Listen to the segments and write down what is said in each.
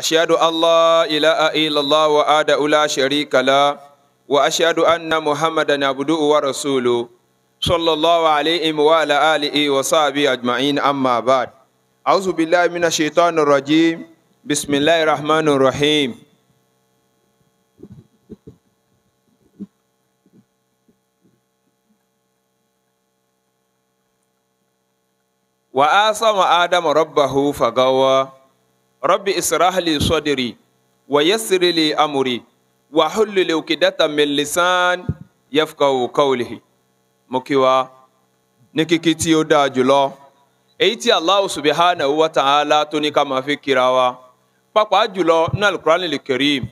أشهد أن لا إله إلا الله وأدى لا شريك له وأشهد أن محمدا عبده ورسوله صلى الله عليه وعلى آله وصحبه أجمعين أما بعد أعوذ بالله من الشيطان الرجيم بسم الله الرحمن الرحيم وآصم آدم ربه فغوى rabbi israhli sodiri wa yassiri li amuri wa hulli ukidata min lisan yafqahu qawlihi mo kí wa ní kíkí tí ó dáa jùlọ èyí tí allah subhanahu wa ta'ala tó ní ká máa fi kíra wa pàápàá jùlọ ní alukurani lè kéré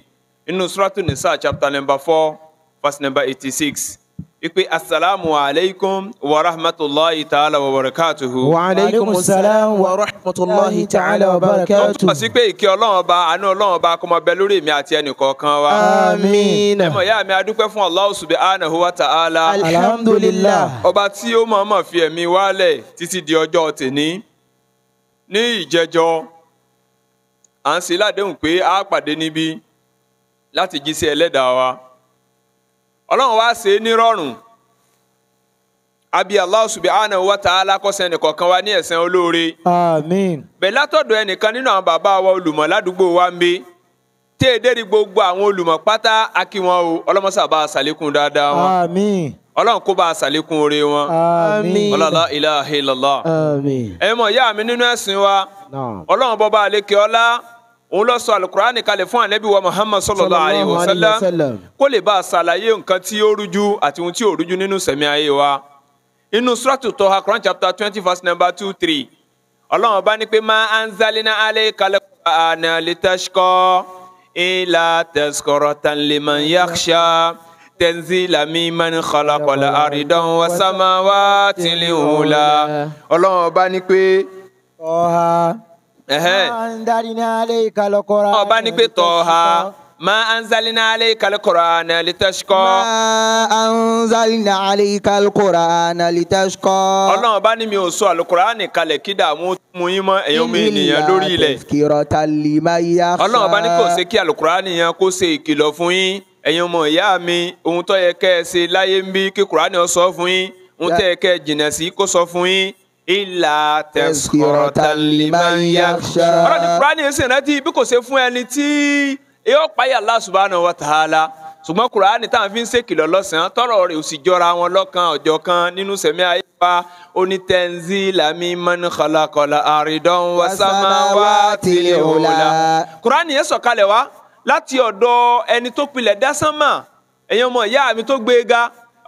inú suratu nisa chapter number four verse number eighty six ipe asalaamu alaykum wa rahmatulahi ta'ala wa barakatuhu. wa aleykum salaam wa rahmatulahi ta'ala wa barakatuhu. tó ń tọ́ sí pé ìkẹ́ ọlọ́run ọba àánú ọlọ́run ọba kó máa bẹ lórí èmi àti ẹnì kọ̀ọ̀kan wa. amiina. ẹ mọ̀ ya mi adúpẹ́ fún Allah subhanahu wa ta'ala. alhamdulilah. ọba tí ó mọ̀ọ́mọ̀ fi ẹ̀mí wálẹ̀ títí di ọjọ́ tèní. ní ìjẹjọ́ à ń ṣe ládéhùn pé a pàdé níbí láti jí sí ẹlẹ́dàá wa. ọlọ́run wá ṣe é nírọ̀rùn abi allah subhanahu wa ta'ala kó ṣe ẹnìkọ̀ọ̀kan wa ní ẹ̀san olóore. àmín. bẹ́ẹ̀ látọ̀dọ̀ ẹnìkan nínú àwọn bàbá wa olùmọ̀ ládùúgbò wa ń bí tẹ́ ẹ dérí gbogbo àwọn olùmọ̀ pátá akí wọn o ọlọ́mọṣà bá a ṣàlékún dáadáa wọn. ọlọ́run kó bá a ṣàlékún oore wọn. àmín. ọlọ́lá ilaha illallah. àmín. ẹ mọ̀ ìyá mi nínú ẹ̀sìn wa ọlọ́run bọ́ bá a lékè ọlá òun lọ sọ alukurani kalẹ̀ fún anabi wa muhammad sallallahu alayhi wa sallam kó lè ba a ṣàlàyé nǹkan tí ó rújú àti ohun tí ò rújú nínú sẹ̀mí ayé wa inú suratu tọ́ha quran chapter twenty verse number two three ọlọ́run bá ní pé ma anzalina alayka al-qur'ana litashqa illa tazkiratan liman yakhsha tẹnzila mimman khalaqal arda was samawati al-ula ọlọ́run bá ní pé ọba ní pé tọ́ ha ma anzalina alayka alqur'ana litashqa. ma anzalina alayka alqur'ana litashqa. ọlọ́run bá ní mi ò sọ alukur'ani kalẹ̀ kí dààmú mu yín mọ́ ẹ̀yin omi ènìyàn lórí ilẹ̀. tadhkiratan bá ní kò ṣe kí alukur'ani yẹn kó ṣe ìkìlọ̀ fún yín ẹ̀yin ọmọ ìyá mi ohun tó yẹ kẹ́ ẹ ṣe láyé ń bí kí kur'ani ó sọ fún yín ohun tó yẹ kẹ́ ẹ jìnnà sí kó sọ fún yín ilà tẹ̀síkọ̀rọ̀tà lìmáyà. ọ̀rọ̀ ní kúránì ń sìn rántí bí kò ṣe fún ẹni tí yóò páyà Allah subhanahu wa ta'ala ṣùgbọ́n kúránì táwọn fi ń ṣèkìlọ̀ lọ́sàn-án tọ́rọ̀ rẹ̀ ò sì jọra wọn lọ́kan ọ̀jọ̀ kan nínú sẹ̀mí ayé wa onítẹ̀nzí làmí man khalaqala àrídọ́n wasama wa tilẹ̀ òwòlá. kúránì yẹn sọ̀kalẹ̀ wá láti ọ̀dọ̀ ẹni tó pilẹ̀ dásánmà ẹ̀yin ìyá mi tó gbé ga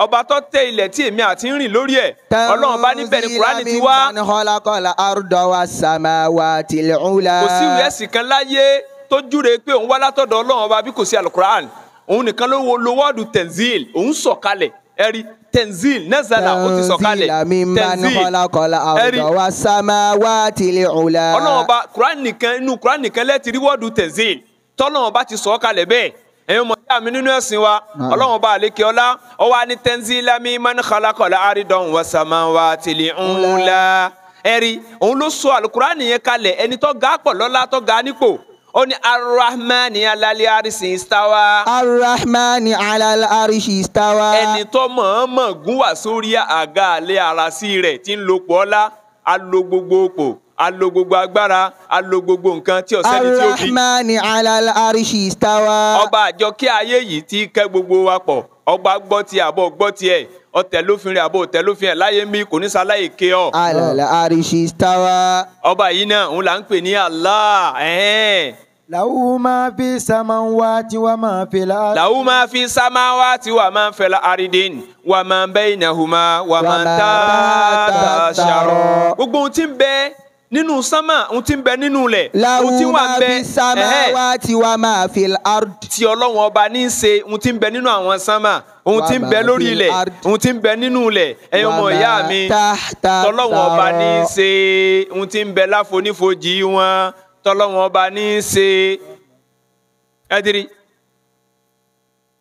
ọba tó tẹ ilẹ̀ tí èmi àti ń rìn lórí ẹ̀ ọlọ́run bá níbẹ̀ ni kúránì ti wá. kò sí ìwé ẹ̀sìn kan láyé tó júre pé òun wá látọ̀dọ̀ ọlọ́run ọba bí kò sí alukuran òun nìkan ló wo lo wọ́ọ̀dù tenzil òun sọ̀kalẹ̀ ẹ̀rí tenzil nazala ó ti sọ̀kalẹ̀ tenzil ẹ̀rí ọlọ́run ọba kúránì nìkan inú kúránì nìkan lẹ́ẹ̀tì rí wọ́ọ̀dù tenzil tọ́lọ́run ọba ti sọ̀kalẹ̀ bẹ́ẹ̀ ẹ̀yin mọ̀ yá mi nínú ẹ̀sìn wa ọlọ́run ọba àlékè ọlá ó wá ní tẹ́ńsílámì mánìkàlákọ̀lá àrídọ́n wàsàmà wà tìlì ńlá ẹ̀rí òun ló sọ àlùkùránì yẹn kalẹ̀ ẹni tó ga pọ̀ lọ́lá tó ga nípò ó ní arahmani alali arisi istawa. arahmani alali arisi istawa. ẹni tó mọ̀ọ́mọ̀ gún wá sórí àga àlẹ́ àràsí rẹ̀ tí ń lopọ̀ ọlá alogbogbò pò a lo gbogbo agbára a lo gbogbo nǹkan tí ọ̀sẹ́ni tí ó bí. arahmani alal arishi istawa. ọba àjọ kí ayé yìí ti kẹ́ gbogbo wa pọ̀ ọba gbọ́ ti àbọ̀ gbọ́ ti ẹ̀ ọtẹ lófin rẹ àbọ̀ ọtẹ lófin ẹ̀ láyé mi kò ní sáláyè ké ọ. alal arishi istawa. ọba yìí náà òun là ń pè ní Allah làwù máa fi samáwáti wà máa fi la. làwù máa fi samáwáti wà máa fi la àrídìn wà máa bẹ́ẹ̀ nàhùmá wà máa tá a ta ṣàrọ̀. gbogbo ohun tí ń bẹ nínú sánmà ohun tí ń bẹ nínú ilẹ̀ ohun tí wà ń bẹ samawati wa ma fil ard. ti ọlọ́run ọba ní í ṣe ohun tí ń bẹ nínú àwọn sánmà ohun tí ń bẹ lórí ilẹ̀ ohun tí ń bẹ nínú ilẹ̀ ẹ̀yin ọmọ ìyá mi tọ́lọ́run ọba ní í ṣe ohun tí ń bẹ láfonífojì wọn tọ́lọ́run ọba ní í ṣe ẹ̀dírí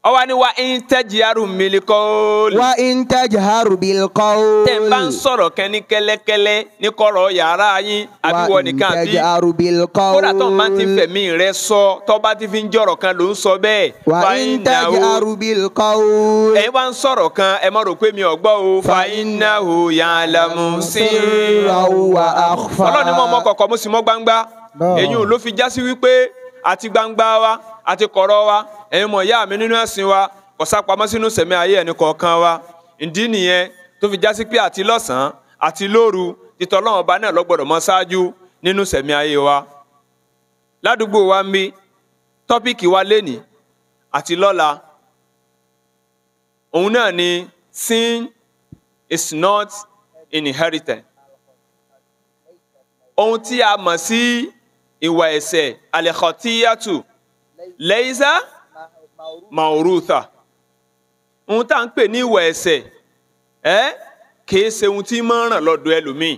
ọwọ́ ni wa ń tẹ́jìárù milikọ́ọ̀lì. wa ń tẹ́jìárù bilikọ́ọ̀lì. tẹ́ ń bá ń sọ̀rọ̀ kẹ́ ní kẹ́lẹ́kẹ́lẹ́ ní kọ̀rọ̀ yàrá yín àbíwọ nìkan bí. wa ń tẹ́jìárù bilikọ́ọ̀lì. kódà tó máa ti fẹ̀mí rẹ sọ tó ti fi ń jọ̀rọ̀ kan ló ń sọ bẹ́ẹ̀. wa ń tẹ́jìárù bilikọ́ọ̀lì. ẹ wá ń sọ̀rọ̀ kan ẹ má rò pé mi ò gbọ́ o. fa innahu ya'lamu sirrahu wa akhfa. ọlọ́ni mọ̀ mọ́ kọ̀kọ̀ mo sì mọ̀ gbangba. èyí ò wa àti kọ̀rọ̀ wa ẹ̀yin mọ̀ ìyá mi nínú ẹ̀sìn wa kò sápamọ́ sínú sẹ̀mí ayé ẹni kọ̀ọ̀kan wa ìdí nìyẹn tó fi jásí pé àti lọ́sàn-án àti lóru títọ́ ọlọ́run ọba náà lọ́gbọ́dọ̀ mọ́ ṣáájú nínú sẹ̀mí ayé wa ládùúgbò wa ń bí wa lénìí àti lọ́la òun náà ni sin is not inherited ohun tí a mọ̀ sí ìwà ẹ̀ṣẹ̀ alẹ́kọ̀tíyàtù lẹ́yìísá maorutha ohun tá à ń pè ní ìwà ẹ̀ṣẹ̀ ẹ́ kìí ṣe ohun tí máa ń ràn lọ́dọ̀ ẹlòmíì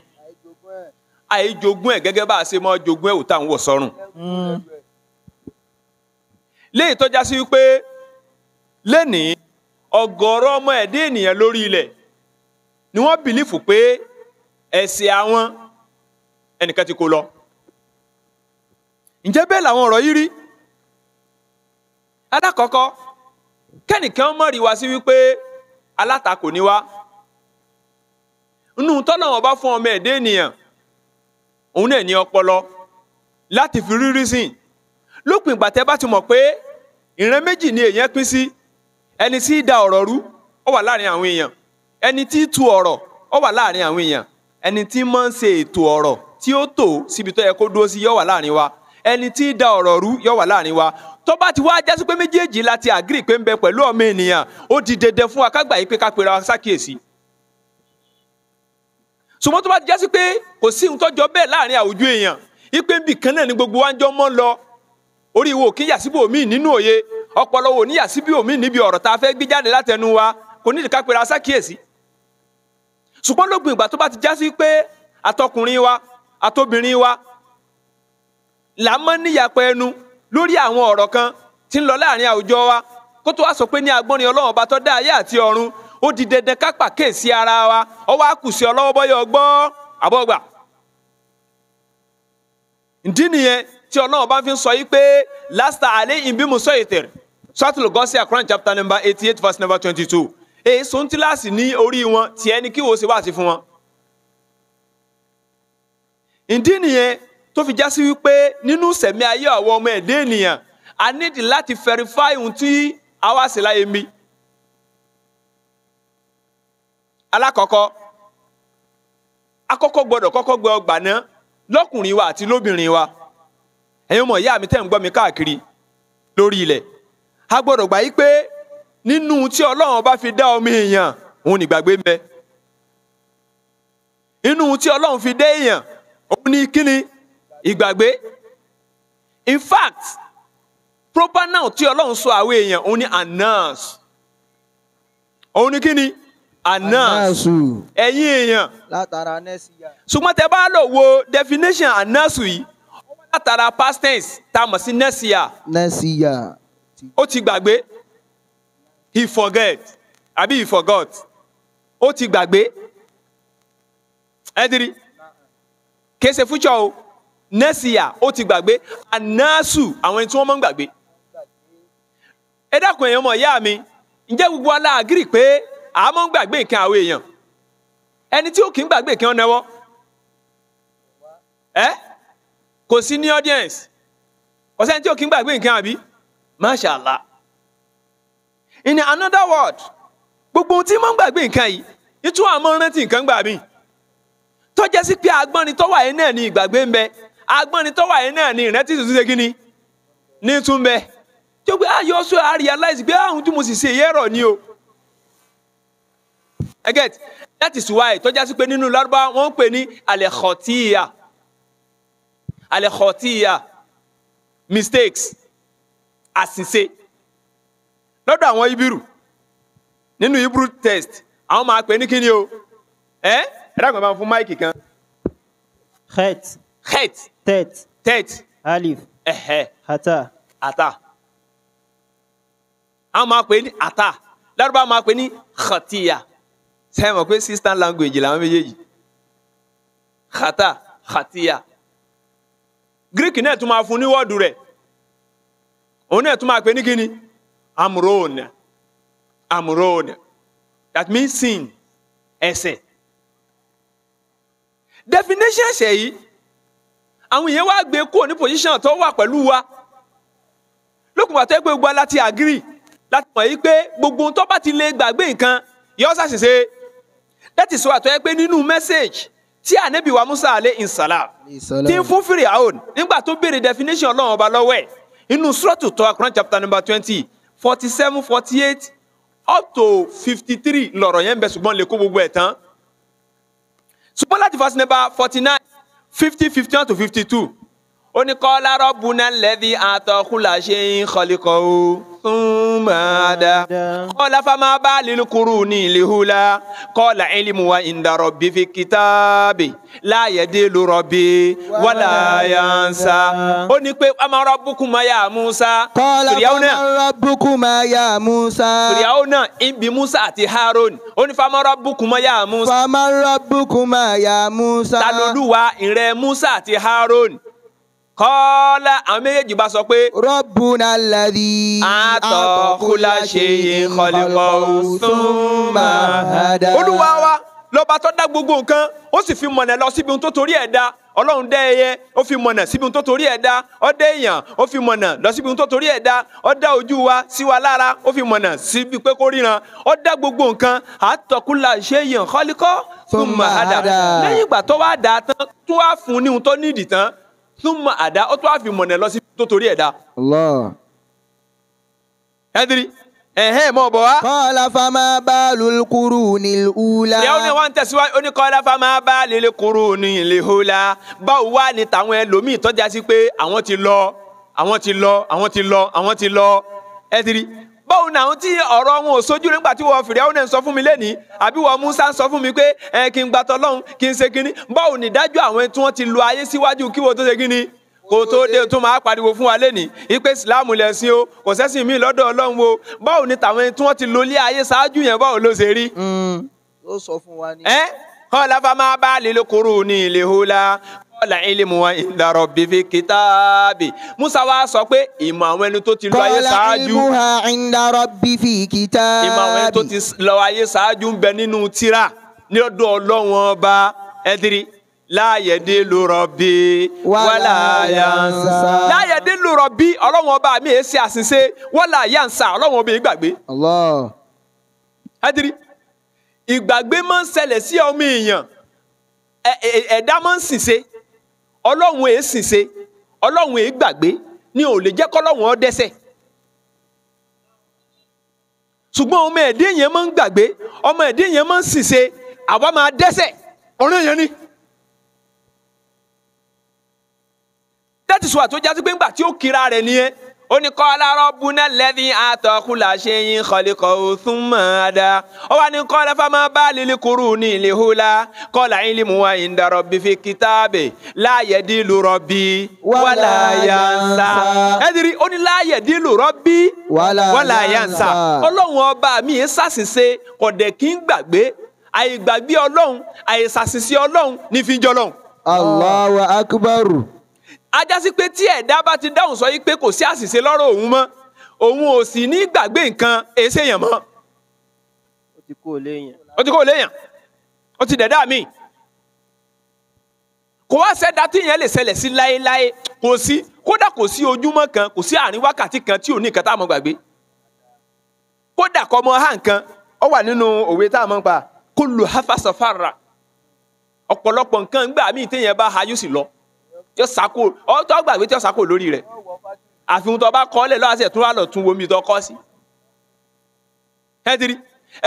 àìjogún ẹ̀ gẹ́gẹ́ bá a ṣe máa jogún tá òtá ń wọ̀ sọ́run. léyìí tó já sí wípé lẹ́nìí ọ̀gọ̀ọ̀rọ̀ ọmọ ẹ̀dẹ́ ènìyàn lórí ilẹ̀ ni wọ́n bìlífù pé ẹ̀ṣẹ̀ àwọn ẹnìkan ti kó lọ. ǹjẹ́ bẹ́ẹ̀ làwọn ọ̀rọ̀ yìí rí? alákọ̀ọ́kọ́ kẹ́nìkan mọ̀rí wa sí wípé alátakò ni wá nínú tọ́nà wọn bá fún ọmọ ẹ̀dẹ́ ènìyàn òun náà ní ọpọlọ láti fi rírí sìn lópin ìgbà tẹ́ bá ti mọ̀ pé ìran méjì ni èèyàn pín sí ẹni tí í da ọ̀rọ̀ rú ó wà láàrin àwọn èèyàn ẹni tí í tu ọ̀rọ̀ ó wà láàrin àwọn èèyàn ẹni tí máa ń ṣe ètò ọ̀rọ̀ tí ó tò síbi tó yẹ kó dúró sí yó wà láàrin wa ẹni tí í da ọ̀rọ̀ rú yó wà láàrin wa tó bá ti wá jásí pé méjèèjì láti àgírí pé ń bẹ pẹ̀lú ọmọ ènìyàn ó di dandan fún wa ká gbà yí pé ká pera wa sákìyèsí. ṣùgbọ́n tó bá ti jásí pé kò sí ohun tọ́jọ́ bẹ́ẹ̀ láàrin àwùjọ èèyàn ipe ń bì kan náà ni gbogbo wa ń jọ mọ́ lọ orí wo kí yàsíbò míì nínú òye ọpọlọ wo ní yàsíbò míì níbi ọ̀rọ̀ tá a fẹ́ gbé jáde látẹnu wa kò ní ká pera sákìyèsí. ṣùgbọ́n lópin ìgbà tó bá ti jásí pé àtọkùnrin wa àtobìnrin wa làá mọ́ níyàpẹ́ ẹnu lórí àwọn ọ̀rọ̀ kan tí ń lọ láàrin àwùjọ wa kó tó wá sọ pé ní agbọ́nrin ọlọ́run ọba tó dá ayé àti ọ̀run ó di dandan ká pàkíyèsí ara wa ọwọ́ àkùsí ọlọ́wọ́ bọ́yọ̀ gbọ́ àbọ̀gbà. ǹdí nìyẹn tí ọlọ́run ọba fi ń sọ yí pé lásìtà alẹ́ ìbí musa sọ́tùlù gọ́sí àkùrán chapter number eighty eight verse number twenty two èyí sọ́ńtìláàsì ní orí wọn tiẹ̀ ni kí wo ṣe wá sí fún wọn. ǹdí nìyẹn tó fi já sí wípé nínú sẹ̀mí ayé àwọn ọmọ ẹ̀dá ènìyàn a nídìí láti verify ohun tí a wá sí láyé mi. alákọ̀ọ́kọ́ akọ́kọ́ gbọ́dọ̀ kọ́kọ́ gbẹ ọgbà náà lọ́kùnrin wa àti lóbìnrin wa ẹ̀yin ọmọ ìyá mi tẹ́ ń gbọ́ mi káàkiri lórí ilẹ̀ a gbọ́dọ̀ gbà yí pé nínú tí ọlọ́run bá fi dá ọmọ èèyàn òun nígbàgbé ń bẹ tí ọlọ́run fi dé èèyàn òun ní kíni ìgbàgbé in fact proper noun tí ọlọ́run sọ àwọn èèyàn òun ni anas òun ni kí ni anas ẹ̀yin èèyàn látara nẹ́sìyà. ṣùgbọ́n tẹ bá lọ wo definition anas yìí látara past tense tá a mọ̀ sí nẹ́sìyà. nẹ́sìyà. ó ti gbàgbé he forget àbí he forgot ó ti gbàgbé ẹ dirí kèsè fúnjọ o. nẹ́sìyà ó ti gbàgbé anásù àwọn ẹni tí wọ́n máa ń gbàgbé. ẹ dákun èèyàn ọmọ ìyá mi ǹjẹ́ gbogbo aláàgírì pé a máa ń gbàgbé nǹkan àwọn èèyàn ẹni tí ó kì í gbàgbé nǹkan ọ̀nẹ́wọ́ ẹ kò sí ní audience kò ẹni tí ó kì í gbàgbé nǹkan àbí mashallah in another word gbogbo ohun tí máa ń gbàgbé nǹkan yìí ìtú àmọ́ rántí nǹkan gbà mí tọ́jẹ́ sí pé agbọ́nrin tọ́wọ́ náà ni ìgbàgbé ń agbọ́nrin tó wà náà ni ìrántí tuntun ṣe kíni ní túnbẹ tó gbé ayé ọsọ a realize pé àwọn ah, tí mo sì ṣe yẹ rọ ni o ẹgẹt that is why tọ́já sí pé nínú lárúbá wọ́n ń pè ní alẹ́kọ̀tíyà alẹ́kọ̀tíyà mistakes àṣìṣe lọ́dọ̀ àwọn ibiru nínú ibiru test àwọn máa pè ní kíni o ẹ ẹ dàgbà máa fún máìkì kan. het het tẹ́t. tẹ́t. alif. ẹ̀hẹ́. ata. ata. àwọn máa pè ní ata lárúbá máa pè ní xatiya sẹ́yìn mọ̀ pé sister language làwọn méjèèjì xata xatiya greek náà tún máa fún ní wọ́ọ̀dù rẹ̀ òun náà tún máa pè ní kíni amron amron that means sin ẹ̀ṣẹ̀ definition ẹ̀ṣẹ̀ yìí àwọn èèyàn wá gbé kúrò ní pòsíṣàn tó wà pẹ̀lú wa lókùn pàtó pé gbogbo láti àgírì láti mọ̀ yí pé gbogbo tó bá ti lè gbàgbé nǹkan yóò ṣàṣìṣe láti sọ àtọ́ yẹ pé nínú mẹ́sáàgì tí ànábì wa Musa alẹ́ ìsàlá tí ń fún fìrì àwọn nígbà tó béèrè definition ọlọ́run ọba lọ́wọ́ ẹ̀ inú sọ́ọ̀tù tó akọ̀rán chapter number twenty forty seven forty eight up to fifty three lọ̀rọ̀ yẹn ń bẹ ṣùgbọ́n lè kó gbogbo ẹ̀ tán ṣùgbọ́n láti verse number forty nine. 50, 51 to 52. ó ní kọ́lá rọ́bùnà lẹ́bí àtọ̀kùlà ṣe ń kọ́lékọ́ o túmọ̀dá. kọ́lá fama bá lílukuru ní ìlihula kọ́lá ìlimu wa ìndarọ̀ bífi kìtàbì láàyè dé lórọ̀ bí wàlà yansa. ó ní pé amarọ bukuma ya musa. kọ́lá famarọ bukuma ya musa. fìrìyàwó náà ibi musa àti harun ó ní famarọ bukuma ya musa. famarọ bukuma ya musa. taloluwa ìrẹ musa àti harun kọ́lá àwọn méjèèjì bá sọ pé. rọ́bùnà làdí. àtọ̀kùlà ṣe é kọ́lẹ́kọ̀ sùnmà hàdà. olúwa wa lọ́ba tó dá gbogbo nǹkan ó sì fi mọ̀nà lọ síbi ohun tó torí ẹ̀ dá ọlọ́run dá ẹyẹ ó fi mọ̀nà síbi ohun tó torí ẹ̀ dá ó èèyàn ó fi mọ̀nà lọ síbi ohun tó torí ẹ̀ dá ó dá ojú wa sí wa lára ó fi mọ̀nà síbi pé kó ríran ó dá gbogbo nǹkan àtọ̀kùnlá ṣe yàn kọ́líkọ́ fún màdà lẹ́yìn ìgbà tó wá dà á tán tún wá fún ní ohun tó nídìí tán súnmọ́ àdá ó tún wá fi mọ̀nà lọ sí tó torí ẹ̀dá. ẹ̀dìrí ẹ̀hẹ́ mọ̀ bọ̀ wá. kọ́lá fama bá lulukuru nìlúla. ìyá òní wa ń tẹ̀síwájú òní kọ́lá fama bá lulukuru nìlúla báwo wá ni tàwọn ẹlòmíì tọ́jà sí pé àwọn ti lọ àwọn ti lọ àwọn ti lọ àwọn ti lọ ẹ̀dìrí báwo ni àwọn tí ọ̀rọ̀ wọn ò sojú nígbà tí wọ́n fìrẹ́ ọ̀nà ń sọ fún mi lẹ́nìí àbí wọ́n Musa ń sọ fún mi pé ẹ kí n gba tọ́lọ́hún kí n ṣe kínní báwo ni dájọ́ àwọn tí wọ́n ti lo ayé síwájú kí wọ́n tó ṣe kínní kò tó dé tó máa pariwo fún wa lẹ́nìí ipe Ìsìláàmù lẹ̀sìn o kò sẹ́sìn mi lọ́dọ̀ Ọlọ́run o báwo ni tàwọn tí wọ́n ti lo ilé ayé ṣáájú yẹn báwo ló ṣe rí. Hmm. ó sọ fún wa ní. ẹ kọ́ ọ láfa máa bá lè lókorò ní ìlè hó la kọ́lá ilmu wa inda rabbi fi kitaabi musa wa sọ pé ìmọ̀ àwọn ẹni tó ti lọ ayé ṣáájú kọ́lá ilmu wa inda rabbi fi kitaabi ìmọ̀ àwọn ẹni tó ti lọ ayé ṣáájú ń bẹ nínú tírà ní ọ̀dọ̀ Ọlọ́run ọba ẹdiri láàyè dé lórọ bí wàlà yansa láàyè dé lórọ bí Ọlọ́run ọba mi èsì àṣìṣe wàlà yansa Ọlọ́run ọba yìí gbàgbé ẹdiri ìgbàgbé máa ń ṣẹlẹ̀ sí ọmọ èèyàn ẹ̀dá máa ń ṣìṣe ọlọ́run èé sìnse ọlọ́run èé gbàgbé ni ò lè jẹ́ kọ́lọ́run ọ dẹ́sẹ̀ ṣùgbọ́n ọmọ ẹ̀dẹ́ yẹn máa ń gbàgbé ọmọ ẹ̀dẹ́ yẹn máa ń sìnse àwa máa dẹ́sẹ̀ ọ̀rẹ́ yẹn ni. that is why tó jásí pé ńgbà tí ó kira rẹ̀ nìyẹn ó ní kọ́lá rọ́bùnà lẹ́dí àtọ̀kùlà ṣe yín kọ́lékọ́ òsùn mọ́ọ́dá ó wà ní kọ́lá fámá bá lílí kúrú ní ilé kọ́lá yín lè mú wa yín dọ̀rọ̀ bí fi kìtàbẹ̀ láàyè dìlù rọ́bì wàlà yànsá ẹ dirí ó ní láàyè dìlù rọ́bì wàlà yànsá ọlọ́run ọba mi yẹn sàṣìṣe kọ̀dẹ̀ kí ń gbàgbé àyè gbàgbé ọlọ́run àyè sàṣìṣe ọlọ́run ní fi jọlọ́run. Allahu akbar ajásí pé tí ẹ̀dá bá ti dáhùn sọ yìí pé kò sí àṣìṣe lọ́rọ̀ òun mọ́ òun ò sì ní gbàgbé nǹkan èsè yàn mọ́. ó ti kó o léèyàn. ó ti kó o léèyàn ó ti dẹ̀dá mi. kò wá sẹ́dá tí yẹn lè ṣẹlẹ̀ sí láéláé kò sí kódà kò sí ojúmọ́ kan kò sí àárín wákàtí kan tí ò ní nǹkan tá a mọ̀ gbàgbé. kódà kọ́ mọ hàn kan ó wà nínú òwe tá a mọ̀ pa kó lu hafasafara ọ̀pọ̀lọpọ̀ nǹkan gbà míì téèyàn bá hayó sì lọ tí ó sàkó ọtọ gbàgbé tí ó sàkó lórí rẹ̀ àfihàn tó bá kọ́ lẹ̀ lọ́wọ́ àti ẹ̀tún wà lọ tún omi tó kọ́ sí. ẹ̀dìrí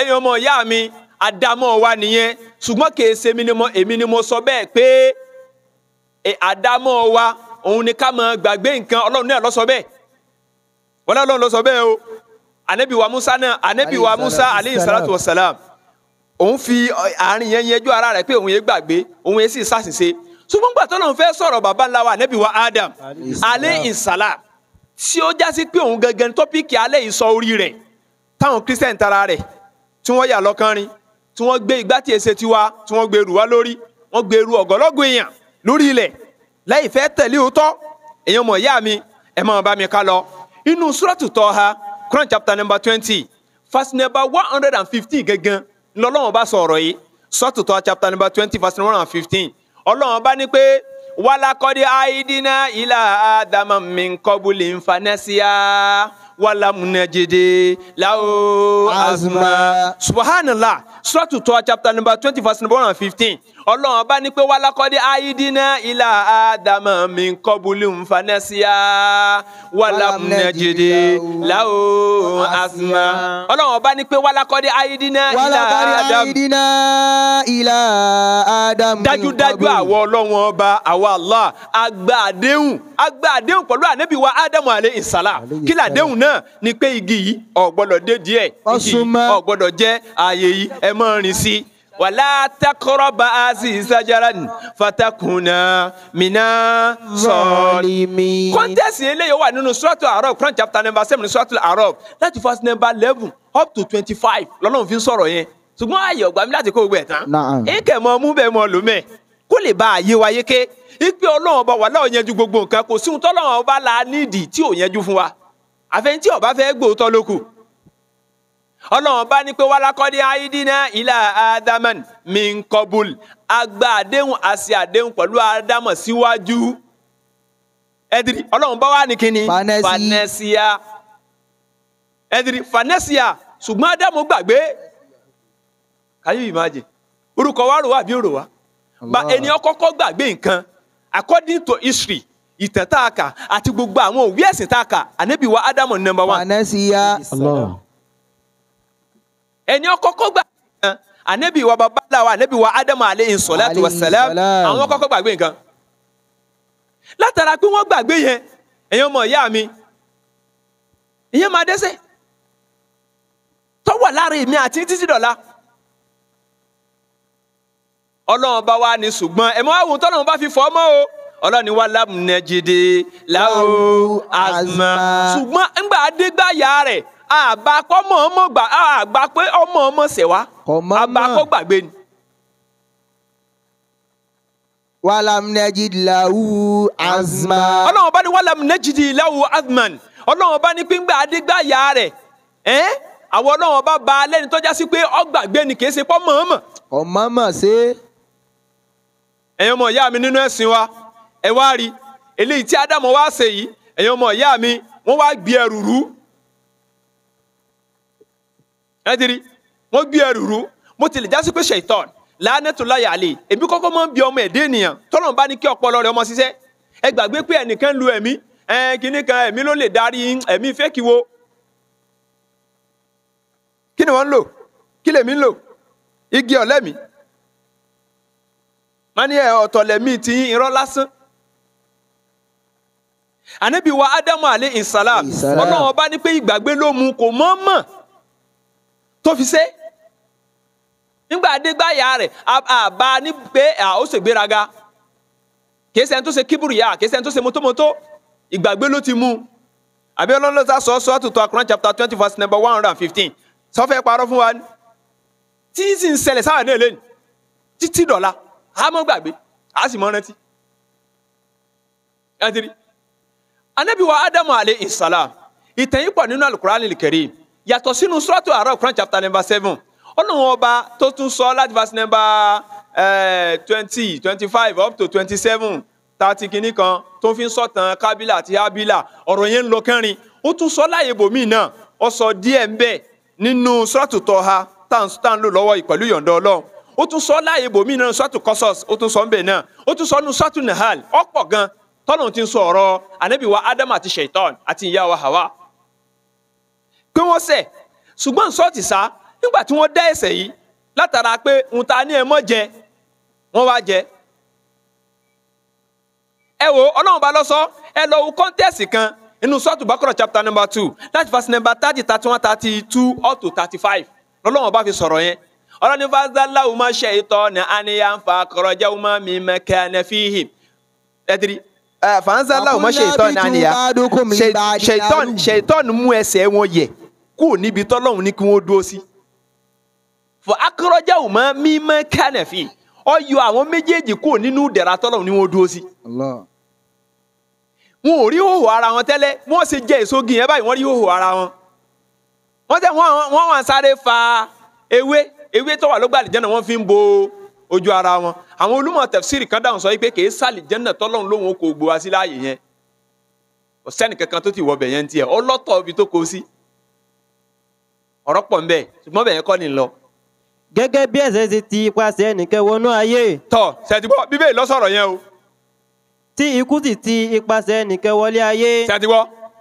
ẹ̀yin ọmọ ìyá mi àdámọ̀ wa nìyẹn ṣùgbọ́n kì í ṣe èmi ni mo èmi ni mo sọ bẹ́ẹ̀ pé àdámọ̀ wa òun ni ká máa gbàgbé nǹkan ọlọ́run náà ló sọ bẹ́ẹ̀ wọn náà ọlọ́run ló sọ bẹ́ẹ̀ o anabi wa musa náà anabi wa musa aleyhi salatu wa salam òun fi àárín yẹn yẹjú ara rẹ̀ pé òun yẹn gbàgbé òun yẹn sì ṣàṣìṣe ṣùgbọ́n gbà tó lóun fẹ́ sọ̀rọ̀ bàbá ńlá wa ànábì wa Adam alẹ́ ìsàlá tí ó já sí pé òun gangan tọ́píìkì alẹ́ ìsọ orí rẹ̀ táwọn kírísítẹ̀n tara rẹ̀ tí wọ́n yà lọ́kàn rin tí wọ́n gbé igbá tí èsè tiwa tí wọ́n gbèrú wa lórí wọ́n gbèrú ọ̀gọ́lọ́gọ̀ èèyàn lórí ilẹ̀ láì fẹ́ tẹ̀lé òótọ́ èèyàn mọ̀ ìyá mi ẹ̀ máa bá mi ká lọ inú súrọ́tù Tọ́ha Quran chapter number twenty verse number one hundred and fifteen gangan lọ́lọ́wọ́n bá sọ ọ̀rọ̀ yìí súrọ́tù Tọ́ha chapter number twenty verse number one hundred and fifteen ọlọ́run bá ní pé wàlàkọ́dí àìdínà ìlà àdàmà mìkọ́bùlì nfanẹ́síà wàlàmúnẹ́jẹdẹ làwọn azuma subhanallah suratu Taha chapter number twenty verse number one and fifteen ọlọ́run bá ní pé wálákọ́dé áyídínà ilà ádámà mi kọ́bùlù nfanẹ́síà wàlámùnẹ́jìdì láwò àsìmá. ọlọ́run bá ní pé wálákọ́dé áyídínà ilà ádámà. ilà ádámà mi kọ́bùlù. dájúdájú àwọ ọlọ́run ọba àwọ Allah àgbà àdéhùn àgbà àdéhùn pẹ̀lú ànábì wa ádámù alẹ́ ìsàlà kí làdéhùn náà ni pé igi yìí ọ̀gbọ́dọ̀ dé díẹ̀ igi yìí ọ̀gbọ́dọ̀ jẹ́ ààyè yìí ẹ máa rìn sí i wàlá takọrọba aziza jarani fatakuna mina sọọlimi. kọ́ńtẹ́sì eléyìí wà nínú suratul A'raf Quran chapter number seven suratul A'raf láti verse number eleven up to twenty five lọ́lọ́run fi ń sọ̀rọ̀ yẹn ṣùgbọ́n ààyè ọ̀gbà mi láti kó gbẹ̀ tán. ìkẹ́ mọ mú bẹ́ẹ̀ mọ lómẹ̀ kó lè bá àyè wáyé ké ipe ọlọ́run ọba wà láò yẹnjú gbogbo nǹkan kò sí ohun tọ́lọ́run ọba la nídìí tí ò yẹnjú fún wa àfẹ́ntí ọba fẹ́ gbòótọ́ lókù ọlọ́run bá ní pé wálákọ́dé áídínà ilà ádámán minkobul agba àdéhùn àṣì àdéhùn pẹ̀lú ádámọ̀ síwájú ẹ̀dìrì ọlọ́run bá wà ní kíni fanẹ́síà ẹ̀dìrì fanẹ́síà ṣùgbọ́n ádámọ̀ gbàgbé can you imagine orúkọ wa rò wá àbí òrò wa bá ènìyàn kọ́kọ́ gbàgbé nǹkan according to history ìtàn tá a kà àti gbogbo àwọn òwe ẹ̀sìn tá a kà ànábì wa ádámọ̀ number one. fanẹ́síà Allah ẹni ọkọ́kọ́ gbà kan anabi wa babaláwa anabi wa adamu aleyhi salatu wa salam àwọn kọ́kọ́ gbàgbé nǹkan látara pé wọ́n gbàgbé yẹn ẹ̀yin ọmọ ìyá mi ìyẹn máa dẹ́sẹ̀ tọ́wọ̀ lára èmi àti títí dọ̀la ọlọ́run bá wá ní ṣùgbọ́n ẹ̀mọ́ àwọn tọ́lọ́run bá fi fọ́ mọ́ o ọlọ́run ni wà lámùnẹ́jìdè láwù àzùmá ṣùgbọ́n ńgbà adégbáyà rẹ̀ àbákọ́ mọ̀ ọmọ gbà àgbà pé ọmọ ọmọ ṣẹ̀wá àbákọ́ gbàgbé ni. wàlám nẹ́jìdì làwù azman. ọlọ́run bá ní wàlám nẹ́jìdì azman ọlọ́run bá ní pínpín adégbáyà rẹ̀ ẹ́ àwọn ọlọ́run bá ba lẹ́ni tọ́já sí pé ọgbàgbé ni kì í ṣe pọ́ mọ̀ọ́mọ̀. ọ̀mọ̀ọ́mọ̀ ṣe. ẹ̀yin ọmọ ìyá mi nínú ẹ̀sìn wa ẹ wá rí eléyìí tí ádámù wá ṣe yìí ẹ̀yin ọmọ ìyá mi wọ́n wá ẹ ti rí wọ́n gbé ẹrù rú mo tilẹ̀ já sí pé ṣèitán lánàtúláyà àlè èmi kọ́kọ́ máa ń bi ọmọ ẹ̀dẹ́ ènìyàn tọ́lọ́run bá ní kí ọpọlọ rẹ̀ ọmọ ṣiṣẹ́ ẹ gbàgbé pé ẹnìkan lu ẹ̀mí ẹn kìíní kan ẹ̀mí ló lè darí ẹ̀mí fẹ́ẹ̀kì wo kí ni wọ́n ń lò kí lèmi ń lò igi ọ̀lẹ́mí wọ́n ní ọ̀tọ̀ lẹ̀mí ti irọ́ lásán ànábì wa ádámù àlè ìsàlá ọlọ́run ọba ní pé ìgbàgbé ló mu kò mọ̀ mọ̀ tó fi ṣe nígbà adégbáyà rẹ̀ àbá ní pé ó ṣègbéraga kìí ṣe ẹni tó ṣe kíbùrìyà kìí ṣe ẹni tó ṣe mọ́tòmọ́tò ìgbàgbé ló ti mú un àbí ọlọ́lọ́sà sọ sọ àtúntò àkùrán chapter twenty verse number one hundred and fifteen sọfẹ́ parọ́ fún wa ní tí sì ń ṣẹlẹ̀ sáwà náà lẹ́nu títí dọ̀la a mọ̀ gbàgbé a sì mọ̀ rántí. ẹ ti rí anabi wa adamu alayhi salam ìtẹ̀yìn pọ̀ nínú alukurani al-karim yàtọ̀ sínú suratu Araf Quran chapter number seven ọlọ́run ọba tó tún sọ láti verse number eh, twenty twenty five up to twenty seven tàti kìíní kan tó fi ń sọ̀tàn kábílà àti hábílà ọ̀rọ̀ yẹn ń lọ kẹrin ó tún sọ láàyè bòmíì náà ó sọ díẹ̀ ń bẹ̀ nínú suratu Toha tá ń lò lọ́wọ́ ìpẹ̀lú yọ̀ǹda ọlọ́run ó tún sọ láàyè bòmíì náà suratu Qasas ó tún sọ ń bẹ̀ náà ó tún sọ nínú suratu Nahal ọ̀pọ̀ gan tọ́lọ́run ti ń sọ ọ̀rọ̀ ànábì wa àti Ṣaitan àti ìyá wa Hawa pé wọ́n ṣẹ̀ ṣùgbọ́n sọ́ọ̀tì sá nígbà tí wọ́n dá ẹ̀ṣẹ̀ yìí látara pé ń ta ní ẹ mọ́ jẹ wọ́n wá jẹ ẹ wo ọlọ́run bá lọ sọ ẹ lọ wo kọ́ńtẹ́ẹ̀sì kan inú sọ́ọ̀tù bákọ̀rọ̀ chapter number two láti verse number thirty thirty one thirty two up to thirty five lọ́lọ́run bá fi sọ̀rọ̀ yẹn ọlọ́run ní fásitì ma shaytana an yanfa karajahuma mimma kana fihi ma fàánzá láwùmọ́ shaytana an yanfa shaytan shaytan mú ẹsẹ̀ wọn yẹ̀ kúrò níbi tọ́lọ́hún ní kí wọ́n dúró sí. fọ akọrọjà ò mọ mímọ kánẹfì ọyọ àwọn méjèèjì kúrò nínú ìdẹ̀ra tọ́lọ́hún ní wọ́n dúró sí. wọn ò rí hòhò ara wọn tẹ́lẹ̀ wọ́n ṣe jẹ èsógin yẹn báyìí wọ́n rí hòhò ara wọn. wọ́n tẹ wọ́n wọ́n sáré fa ewé ewé tó wà lọ́gbà àlìjẹ́nà wọ́n fi ń bo ojú ara wọn. àwọn olùmọ̀ tẹ̀fsírì kan dáhùn sọ wípé kì í sàlìjẹ́nà tọ́lọ́hún lóhùn kò gbowá sí láàyè yẹn ọ̀sẹ́nì kankan tó ti wọ bẹ̀yẹn ń tiẹ̀ ọlọ́tọ̀ ibi tó kó sí. ọ̀rọ̀ pọ̀ ń bẹ ṣùgbọ́n bẹ́ẹ̀ kọ́ ni lọ. gẹ́gẹ́ bí ẹ̀ṣẹ̀ ti ti ipasẹ̀ ẹnìkan wọnú ayé. tọ ṣètìgbọ bíbélì ló sọ̀rọ̀ yẹn o. tí ikú sì ti ipasẹ̀ ẹnìkan wọlé ayé. ṣètìgbọ.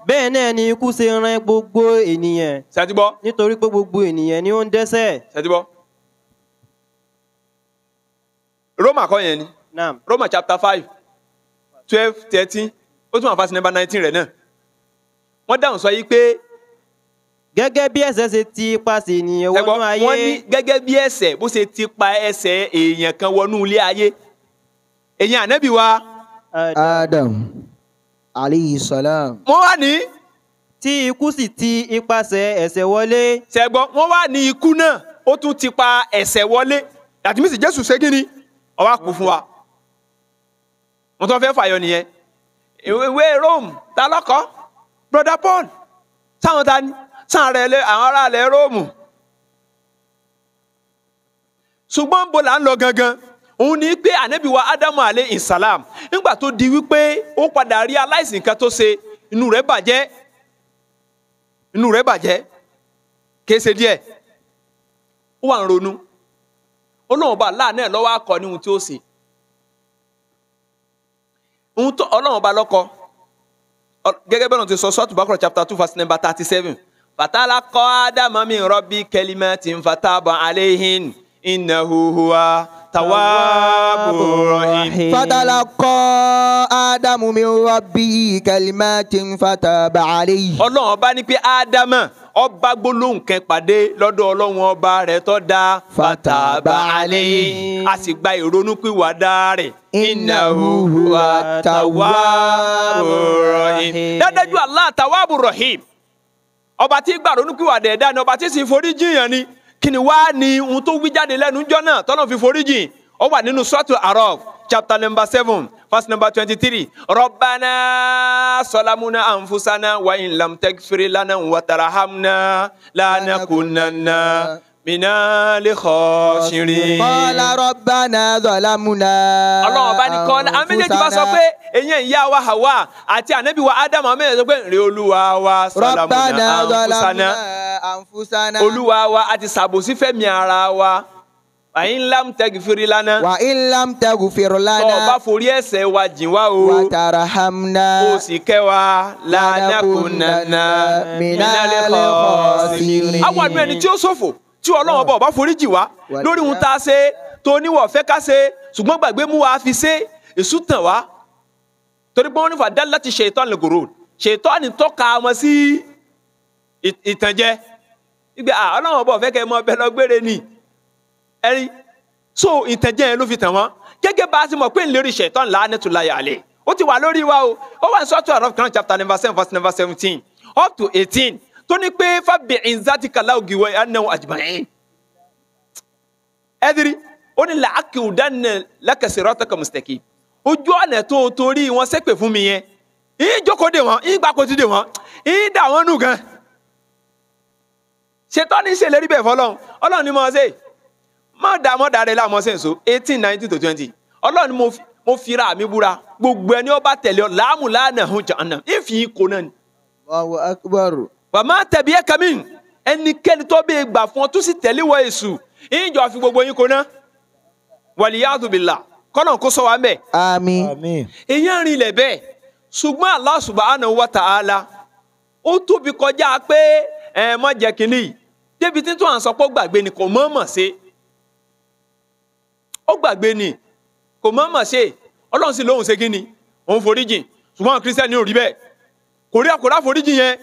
bẹ́ẹ̀ náà ni ikú ṣe rán gbogbo ènìyàn. ṣètìgbọ. nítorí pé gbogbo ènìyàn ni ó ń dẹ́ṣẹ̀. ṣètìgbọ. Rómà kọ́ yẹn ni. naam Rómà chapter five twelve thirteen ó tún wà fásitì number nineteen rẹ̀ náà wọ́n dáhùn sọ yìí pé gẹ́gẹ́ bí ẹ̀ṣẹ̀ ṣe ti paṣẹ ni wọnú ayé. wọ́n ní gẹ́gẹ́ bí ẹ̀ṣẹ̀ bó ṣe ti pa ẹsẹ̀ èèyàn kan wọnú ilé ayé èyàn ànábì wa. Adam aleyhi salam. wọ́n wá ní. tí ikú sì ti ipasẹ̀ ẹ̀ṣẹ̀ wọlé. ṣẹ̀gbọ́n wọ́n wá ní ikú náà ó tún ti pa ẹ̀ṣẹ̀ wọlé àti mísì Jésù ṣe kí ni ó wá kú fún wa. wọ́n tún fẹ́ fàyọ nìyẹn ìwé Rome ta lọ́kọ́ brother Paul táwọn ta ni. tàn rẹ̀ lé àwọn ará ilẹ̀ róòmù ṣùgbọ́n gangan òun ni pé ànábì wa ádámù alẹ́ ìsàlám nígbà tó di wípé ó padà rí aláìsàn kan tó ṣe inú rẹ̀ bàjẹ́ inú rẹ̀ bàjẹ́ kìí díẹ̀ ó wà ń ronú láàánú akọ ní ohun tí ó ṣe ohun tó ọlọ́run bá lọ́kọ gẹ́gẹ́ bẹ́ẹ̀ náà ti sọ sọ́ọ̀tù bákọ̀rọ̀ chapter two verse number thirty فتلقى آدم من ربي كلمات فتاب عليهن إنه هو تواب رحيم فتلقى آدم من ربي كلمات فتاب عليه ọlọ́run ọba ní pé ádámà ọba gbólóhùn kan pàdé lọ́dọ̀ ọlọ́run ọba rẹ̀ tó dá fataba alayhi a sì gba ìrònúpìwàdà rẹ̀ innahu huwa tawwabur rahim dájú Allah tawwabur rahim ọba tí gbàrónúkìwàdà ẹ̀dá ni ọba tí sì forí jìyàn ni kí ni wá ní ohun tó wí jáde lẹ́nu jọ́ náà tọ́nà fi forí jìn ó wà nínú sọ́ọ̀tù Araf chapter number seven verse number twenty-three rọ́bánà sọlámúná ànfúsánà wàyìn lamtẹ́kfìrì lánàá wàtàràhàmúná lánàá kùnánà mina lè kọ́ sírí. kọ́lá rọ́bà náà dọ̀là múna. ọlọ́run bá ní kọ́lá àwọn méjèèjì bá sọ pé eyín ìyá wa Hawa àti ànábì wa Ádámù àwọn sọ pé rè olúwa wa sàlámùnà ànfúsánà olúwa wa àti sàbòsí fẹ́mi ara wa wa in lam tagfiri lana. wa in lam tagfiri lana. tọ́ bá forí ẹ̀ṣẹ̀ wa jìn wá o. wa tarahamna. kò sì kẹ́ wa lanakunanna minal khasirin. àwọn àdúrà ẹni tí ó ṣòfò tí ọlọ́run bọ̀ bá foríjì wá lórí ohun tá a ṣe tó níwọ̀ fẹ́ ká ṣe ṣùgbọ́n gbàgbé mú wa fi ṣe èṣù tàn wá torí pé wọ́n ní fàdá láti ṣe ìtọ́ àlẹ́ gòrò ṣe ìtọ́ àni tọ́ka wọn sí ìtànjẹ ìgbà ọlọ́run bọ̀ fẹ́ kẹ́ mọ ọbẹ̀ lọ gbére ni ẹ̀rí so ìtànjẹ yẹn ló fi tàn wọ́n gẹ́gẹ́ bá a ti mọ̀ pé ìlérí ṣe ìtọ́ ńlá ní tùláyà àlẹ́ ó ti wà lórí wa o ó wà ní sọ́tù àrọ́f kan chapter number seven verse number seventeen up to eighteen tó ní pé fábì ìnzáti kàlá ògìwọ ẹnáwó àjùmáyé ẹdiri ó ní làákì ìdáná lákàsí rọtọkà mùsítẹkì ojú ọ̀nà tó torí wọn ṣépè fún mi yẹn ìyín jókòó dè wọn ìyín gbàkótó dè wọn ìyín dà wọn nù gan ṣètò ní ṣèlérí bẹ́ẹ̀ fọlọ́run ọlọ́run ni mo ṣe má dà mọ́ dàrẹ́ láàmú ṣe ń so eighteen nineteen to twenty ọlọ́run ni mo fira mi búra gbogbo ẹni ó tẹ̀lé ọ láàmú láàánà hàn jàn náà kò náà ni. Allahu akbar wàmà tẹ̀bí ẹ̀ kàmí ẹnikẹ́ni tó bẹ́ẹ̀ gbà fún ọ tó sì tẹ̀lé wọ èṣù ìjọ àfi gbogbo yín kò ná kọ́nà kó sọ wa mẹ́. àmín. ìyẹn rinlẹ̀ bẹ́ẹ̀ ṣùgbọ́n Allah subhanahu wa ta'ala ó tóbi kọjá pé ẹ má jẹ́ kínní débi tí tó à ń sọ pé ó gbàgbé ni kò mọ̀ọ́mọ̀ ṣe ó gbàgbé ni kò mọ̀ọ́mọ̀ ṣe ọlọ́run sì lóhùn ṣe kínní òun foríjìn ṣùgbọ́n kírísítẹ́nì ò rí bẹ́ẹ̀ kò rí àkòrá foríjìn yẹn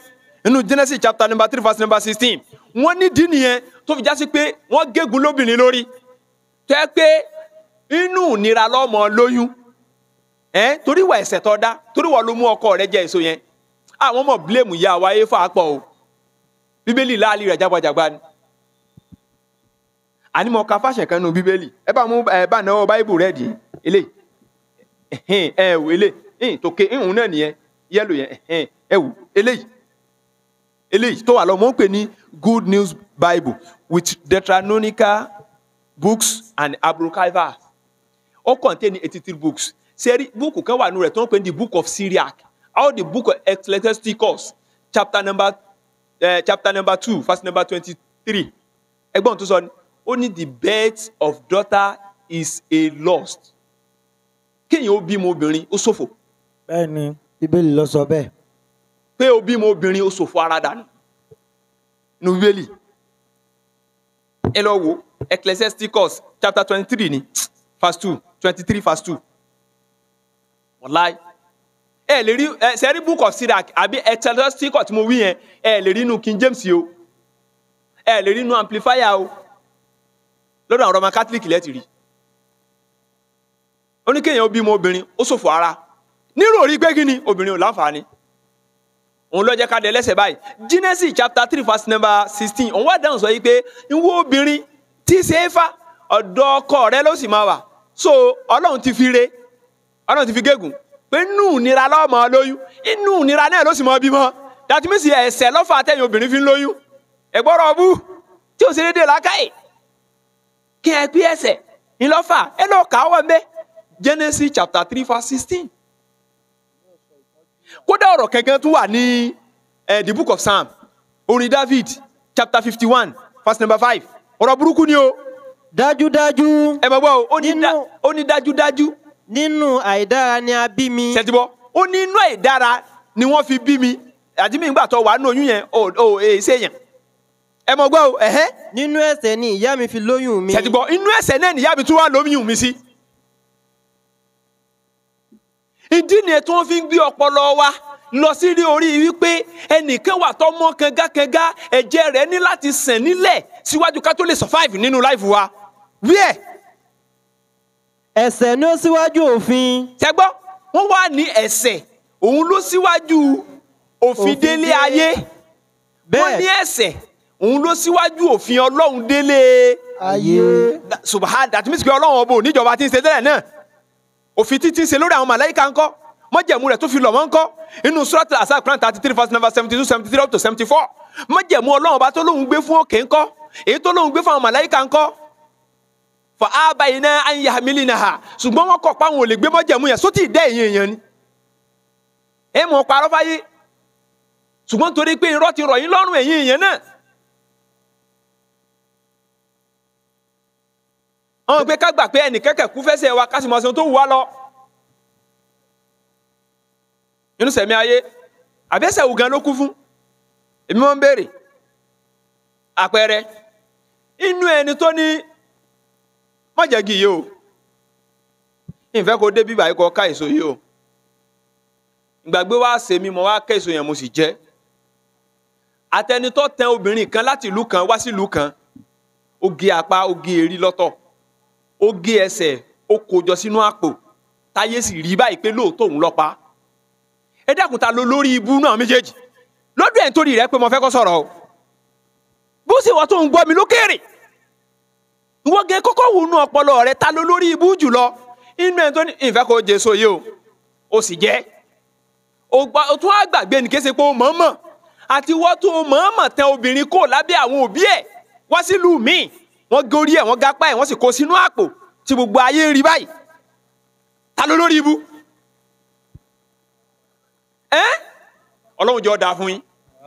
nínú Genesis chapter number three verse number sixteen wọ́n nídìí nìyẹn tó fi jásí pé wọ́n gégùn lóbìnrin lórí tó yẹ pé inú ìnira lọ́mọ lóyún ẹ torí wà ẹ̀ṣẹ̀ tó dá torí wà ló mú ọkọ rẹ̀ jẹ èso yẹn àwọn ọmọ bílẹ̀mù ya wa ayé fàápọ̀ o bíbélì láàlì rẹ̀ jágbajàgba ni àní mo ka fáṣẹ̀ kan nínú bíbélì ẹ bá mú ẹ bá náwó báíbù rẹ̀ dì eléyìí ẹ wò eléyìí tòkè ìhùn náà nìyẹn yẹlò yẹn ẹ wò eléyìí eléyìí tó wà lọ́mọ́ ń pè ní good news bible with deuteronomical books and abracadabra ó contain eighty three books sẹ́rí búùkù kan wà nù rẹ̀ tó ń pè ní the book of Syriac. all the book of Ecclesiasticus chapter number uh, chapter number two verse number twenty three ẹgbọ́n tó sọ ni ó the birth of daughter is a lost kéèyàn ó bímọ obìnrin ó ṣòfò. bẹ́ẹ̀ni bíbélì ló sọ bẹ́ẹ̀ pé o bímọ obìnrin o ṣòfò ara dànù nu bíbélì ẹ lọ wo ecclesiasticus chapter twenty three ni verse two twenty three verse two wàláì ẹ lè rí ẹ sẹ́rí book of Sirach àbí ecclesiasticus tí mo wí yẹn ẹ lè rí inú King James o ẹ lè rí inú amplifier o lọ́dọ̀ àwọn Roman Catholic lẹ́tì rí oníkéèyàn ó bímọ obìnrin ó ṣòfò ara nírò rí pé kí ni obìnrin ò láǹfààní òun ló jẹ́ ká dẹ lẹ́sẹ̀ báyìí Genesis chapter three verse number sixteen òun wá dáhùn sọ yìí pé ìwọ obìnrin tí í ṣe é fà ọ̀dọ̀ ọkọ rẹ ló sì máa wà so ọlọ́run ti fi re ọlọ́run ti fi gégùn pé inú ìnira lọ́mọ lóyún inú ìnira náà ló sì máa bímọ that means ẹ̀ṣẹ̀ ló fà tẹ̀yìn obìnrin fi ń lóyún ẹ̀gbọ́rọ̀ ọbú tí ò sí dédé lákàyè kí ẹ pín ẹ̀ṣẹ̀ ńlọ́fà ẹ lọ́ọ́ kà á wọ̀ mẹ́ Genesis chapter three verse sixteen kódà ọ̀rọ̀ kẹ̀gẹ́ tún wà ní eh, the book of Psalm orin David chapter fifty one verse number five ọ̀rọ̀ burúkú ni o. dájúdájú. ẹ máa gbọ́ o ó ní dájúdájú. nínú àìdára ni a bí mi. ṣe ti bọ́ ó ní inú àìdára ni wọ́n fi bí mi àti mi ìgbà tó wà nínú oyún yẹn ò ò èsè yẹn ẹ máa gbọ́ o. nínú ẹ̀ṣẹ̀ ni ìyá mi fi lóyún mi. ṣe ti bọ́ inú ẹ̀ṣẹ̀ náà ni ìyá mi tún wá lóyún mi sí. Si ìdí nìyẹn tí wọ́n fi ń gbé ọpọlọ wa lọ sí rí orí wípé ẹnìkan wà tó mọ́ kangakanga ẹ̀jẹ̀ rẹ̀ ní láti sàn nílẹ̀ síwájú ká tó lè survive nínú life wa wíẹ̀. ẹ̀ṣẹ̀ ni ó síwájú òfin. tẹ́gbọ́ wọ́n wà ní ẹ̀ṣẹ̀ òun ló síwájú òfin délé ayé wọ́n ní ẹ̀ṣẹ̀ òun ló síwájú òfin ọlọ́run délé ayé subahana that means pé ọlọ́run ọba ò níjọba tí ń ṣe tẹ́lẹ̀ náà òfin títí se lórí àwọn màláìka ńkọ́ májẹ̀mú rẹ̀ tó fi lọ̀ wọ́n ńkọ́ inú suratul asa plant thirty three verse number seventy two seventy three up to seventy four májẹ̀mú ọlọ́run bá tó lóun gbé fún òkè ńkọ́ èyí tó lóun gbé fún àwọn màláìka ńkọ́ fa abayina an yahmilinaha ṣùgbọ́n wọ́n kọ̀ páwọn ò lè gbé májẹ̀mú yẹn sótì dẹ́ èyí èèyàn ni ẹ mọ̀ parọ́ fáyé ṣùgbọ́n torí pé irọ́ ti rọ̀ yín lọ́rùn èyí èèyàn náà àwọn pé ká gbà pé ẹnì kẹ́kẹ́ kú fẹ́sẹ̀ wa ká sì mọ ohun tó wù wá lọ nínú sẹ̀mí ayé àbí ẹ̀ṣẹ̀ wù gan ló kú fún èmi wọn ń béèrè àpẹẹrẹ inú ẹni tó ní mọ̀jẹ̀gì yìí o ìfẹ́ kó dé bíbá yìí kó ká èso yìí o ìgbàgbé wa ṣe mi mo wá ká èso yẹn mo sì jẹ àtẹnitọ́ tẹ obìnrin kan láti ìlú kan wá sí ìlú kan ó gé apá ó lọ́tọ̀ ó gé ẹsẹ̀ ó kójọ sínú àpò táyé sì rí báyìí pé lóòótọ́ òun lọ́pa ẹ dákun ta ló lórí ibú náà méjèèjì lọ́dún ẹ̀ ń torí rẹ pé mo fẹ́ kọ́ sọ̀rọ̀ o bó sì wọ́n tó ń gbọ́ mi lókèrè ìwọ́n gẹ kọ́kọ́ wò nú ọpọlọ rẹ ta ló lórí ibú jùlọ inú ẹ̀ tó ní ìfẹ́ kó jẹ sóye o ó sì jẹ́ o tún á gbàgbé ní kése pé o mọ̀ọ́mọ̀ àti wọ́n tó o mọ̀ọ́mọ̀ tẹ obìnrin kò lábẹ́ àwọn òbí ẹ̀ wá sílùú míì wọ́n gorí ẹ̀ wọ́n gápá ẹ̀ wọ́n sì kó sínú àpò tí gbogbo ayé ń rí báyìí ta ló lórí ibu ẹ ọlọ́run jọ dáa fún yín.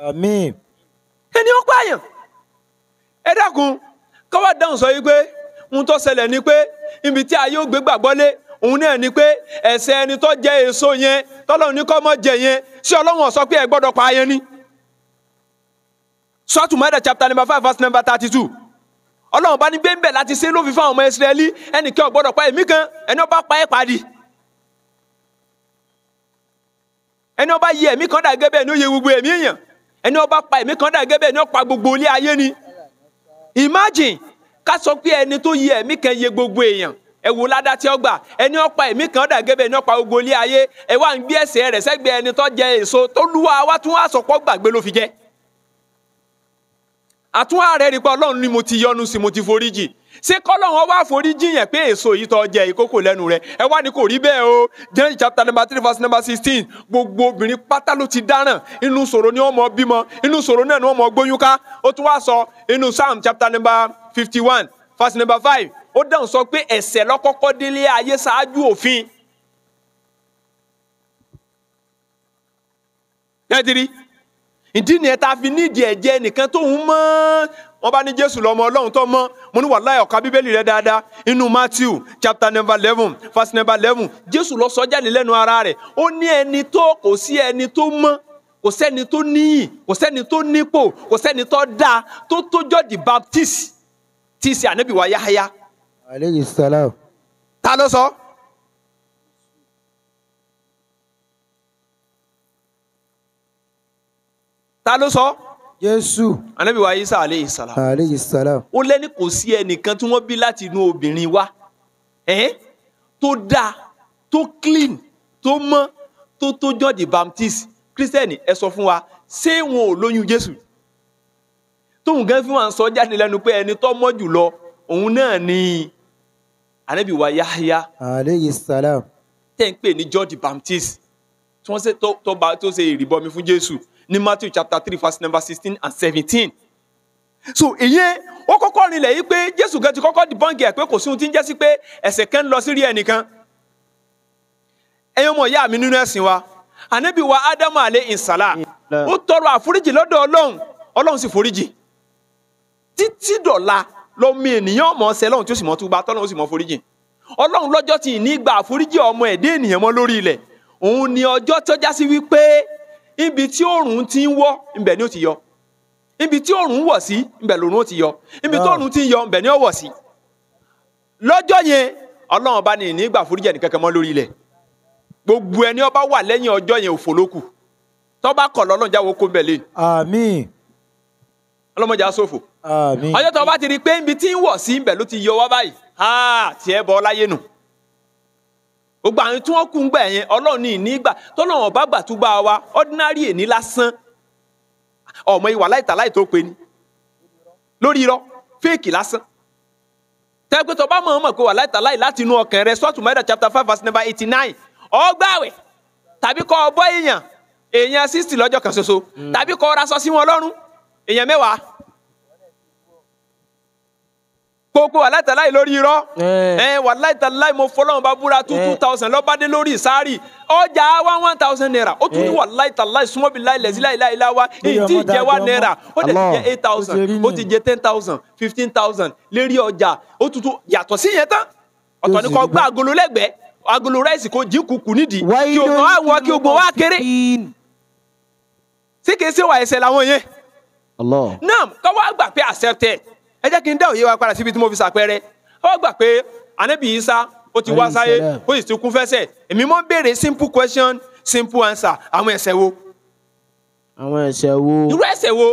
àmín. ẹni ó pààyàn ẹ dákun káwá dáhùn sọ yìí pé ohun tó ṣẹlẹ̀ ni pé ibi tí ayé ó gbé gbàgbọ́ lé òun náà ni pé ẹ̀ṣẹ̀ ẹni tó jẹ èso yẹn tọ́lọ́run ní kọ́ mọ́ jẹ yẹn sí ọlọ́run ó sọ pé ẹ gbọ́dọ̀ pa ayẹn ni. sọ́ọ̀tù mọ́ẹ́dà chapter number five verse number thirty two ọlọ́run bá ní gbé ń bẹ̀ láti ṣe lófin fáwọn ọmọ ìsirẹ́lí ẹnìkan ò gbọ́dọ̀ pa ẹ̀mí kan ẹni ó bá pa ẹ̀ padì ẹni ó bá yẹ ẹ̀mí kan dà gẹ́gẹ́ ni ó yẹ gbogbo ẹ̀mí èèyàn ẹni ó pa ẹ̀mí kan dà gẹ́gẹ́ ni ó pa gbogbo ilé ayé ni imagine ká sọ pé ẹni tó yẹ ẹ̀mí kan yẹ gbogbo èèyàn ẹ wò ládàá tí ó gbà ẹni ó pa ẹ̀mí kan dà gẹ́gẹ́ bẹ́ẹ̀ ni ó pa gbogbo ilé ayé ẹ wá ń gbé ẹsẹ̀ rẹ̀ sẹ́gbẹ̀ẹ́ ẹni tó jẹ èso tó lúwa wá tún wá sọ̀kọ́ gbàgbé ló fi jẹ́ àtúnwá rẹ̀ rí i ọlọ́run ni mo ti yọ́nú sí mo ti foríjì ṣé kọ́lọ́run wá foríjì yẹn pé èso yìí tó jẹ ìkókò lẹ́nu rẹ̀ ẹ wá ní kò rí bẹ́ẹ̀ o Genesis chapter number three verse number sixteen gbogbo obìnrin pátá ló ti dáràn inú ṣòro ni wọ́n mọ bímọ inú ṣòro náà ni wọ́n mọ gbóyún ká ó tún wá sọ inú Psalm chapter number fifty one verse number five ó dáhùn sọ pé ẹ̀ṣẹ̀ ló kọ́kọ́ délé ayé ṣáájú òfin ìdí nìyẹn tá a fi nídìí ẹ̀jẹ̀ nìkan tóun mọ́ wọn bá ní jésù lọ́mọ ọlọ́run tó mọ́ mo ní wàláhì ọ̀ka bíbélì rẹ dáadáa inú matthew chapter number eleven verse number eleven jésù ló sọ jáde lẹ́nu ara rẹ̀ ó ní ẹni tó kò sí ẹni tó mọ́ kò sẹ́ni tó níyì kò sẹ́ni tó nípò kò sẹ́ni tó dáa tó tó John the Baptist tí í ṣe ànábì aleyhi salaam. ta ló sọ. So? ta ló sọ. Jésù. anabi wa isa aleyhi salam. aleyhi salam. ó lẹ́ni kò sí ẹnìkan tí wọ́n bí láti inú obìnrin wá eh? tó dáa tó clean tó mọ́ tó tó John di Baptist kírísítẹ́nì ẹ sọ fún wa ṣé wọn ò lóyún Jésù tóun gan fi wọn sọ jáde lẹ́nu pé ẹni tó mọ́ jùlọ òun náà ni anabi wa Yahya. aleyhi salam. tẹ́ ń pè ní John the Baptist tí wọ́n ṣe tó ṣe ìrìbọmi fún Jésù ní Matthew chapter three verse number sixteen and seventeen so ìyẹn ó kọ́kọ́ rinlẹ̀ yìí pé Jésù gan ti kọ́kọ́ di bọ́ǹgì ẹ̀ pé kò sí ohun tí ń jẹ́ sí pé ẹ̀ṣẹ̀ kan ń lọ sí rí ẹnìkan ẹ̀yin ọmọ ìyá mi nínú ẹ̀sìn wa ànábì wa Ádámù alẹ́ ìsàlá ó tọrọ àforíjì lọ́dọ̀ Ọlọ́run Ọlọ́run sì foríjì títí dọ̀la lọ́mọ ènìyàn mọ̀ ọ́sẹ̀ lọ́run tí ó sì mọ̀ túbà tọ́lọ́run ó sì mọ̀ foríjì Ọlọ́run lọ́jọ́ tí ní gba àforíjì ọmọ ẹ̀dẹ́ ènìyàn mọ́ lórí ilẹ̀ òun ni ọjọ́ tọ́já sí wípé ibi tí òòrùn ti ń wọ̀ ibẹ̀ ni ó ti yọ ibi tí òòrùn wọ̀ sí ibẹ̀ lòòrùn ó ti yọ ibi tí ah. òòrùn ti ń yọ ibẹ̀ ni ó wọ̀ sí lọ́jọ́ yẹn ọlọ́run bá ní ìnígbà foríjì ẹnì kankan mọ́ lórí ilẹ̀ gbogbo ẹni ó bá wà lẹ́yìn ọjọ́ yẹn òfò lókù tó bá kọ̀ lọ́lọ́run jáwọ́ kó ń bẹ̀ lé. àmín. ọlọ́mọdé aṣòfò. àmín. ọjọ́ tó bá ti rí pé ibi tí ń wọ̀ sí ibẹ̀ ló ti yọ wá báyìí tiẹ̀ bọ́ láyé nù gbogbo àwọn tí wọ́n kú ń gbà yẹn ọlọ́run ní ìnígbà tọ́lọ́run ọba gbàtúgbà wa ordinary èní lásán ọmọ ìwà láìta láì tó pe ni lórí irọ́ fèèkì lásán tẹ́gbẹ́ tó bá mọ̀ ọmọ kó wà láìta láì láti inú ọkàn rẹ sọ́ọ̀tù mẹ́ta chapter five verse number eighty nine ọgbàwẹ̀ tàbí kọ́ ọbọ̀ èèyàn èèyàn sixty lọ́jọ́ kan ṣoṣo hmm. tàbí kọ́ ọ ra sọ sí wọn lọ́rùn èèyàn mẹ́wàá kókó aláìtàláì lórí irọ́ ẹ wàláìtàláì mo fọlọ́run bá búra two two thousand lọ́bàdé lórí ìsáárì ọjà one one thousand naira ó tún ní wàláìtàláì súnmọ́bí láìlẹ̀sí láìláìlá wa ìdí ìjẹ́ wa naira ó lè ti jẹ́ eight thousand ó ti jẹ́ ten thousand fifteen thousand lérí ọjà ó tutù yàtọ̀ sí yẹn tán ọ̀tọ̀ ni kò gbá agolo lẹ́gbẹ̀ẹ́ agolo ráìsì kò jí kùkù nídìí kí o kàn á wọ kí o gbọ́ wá kéré sí kìí ṣe wà ẹsẹ̀ làwọn yẹn. náà kọ́ wá gbà pé accepted ẹ jẹ́ kí n dá òye wa padà síbi tí mo fi ṣàpẹẹrẹ ó gbà pé ànábì Ìsá ó ti wá sáyé ó sì ti kún fẹ́ṣẹ̀ èmi mọ́ béèrè simple question simple answer àwọn ẹ̀ṣẹ̀ wo. àwọn ẹ̀ṣẹ̀ wo. irú ẹ̀ṣẹ̀ wo.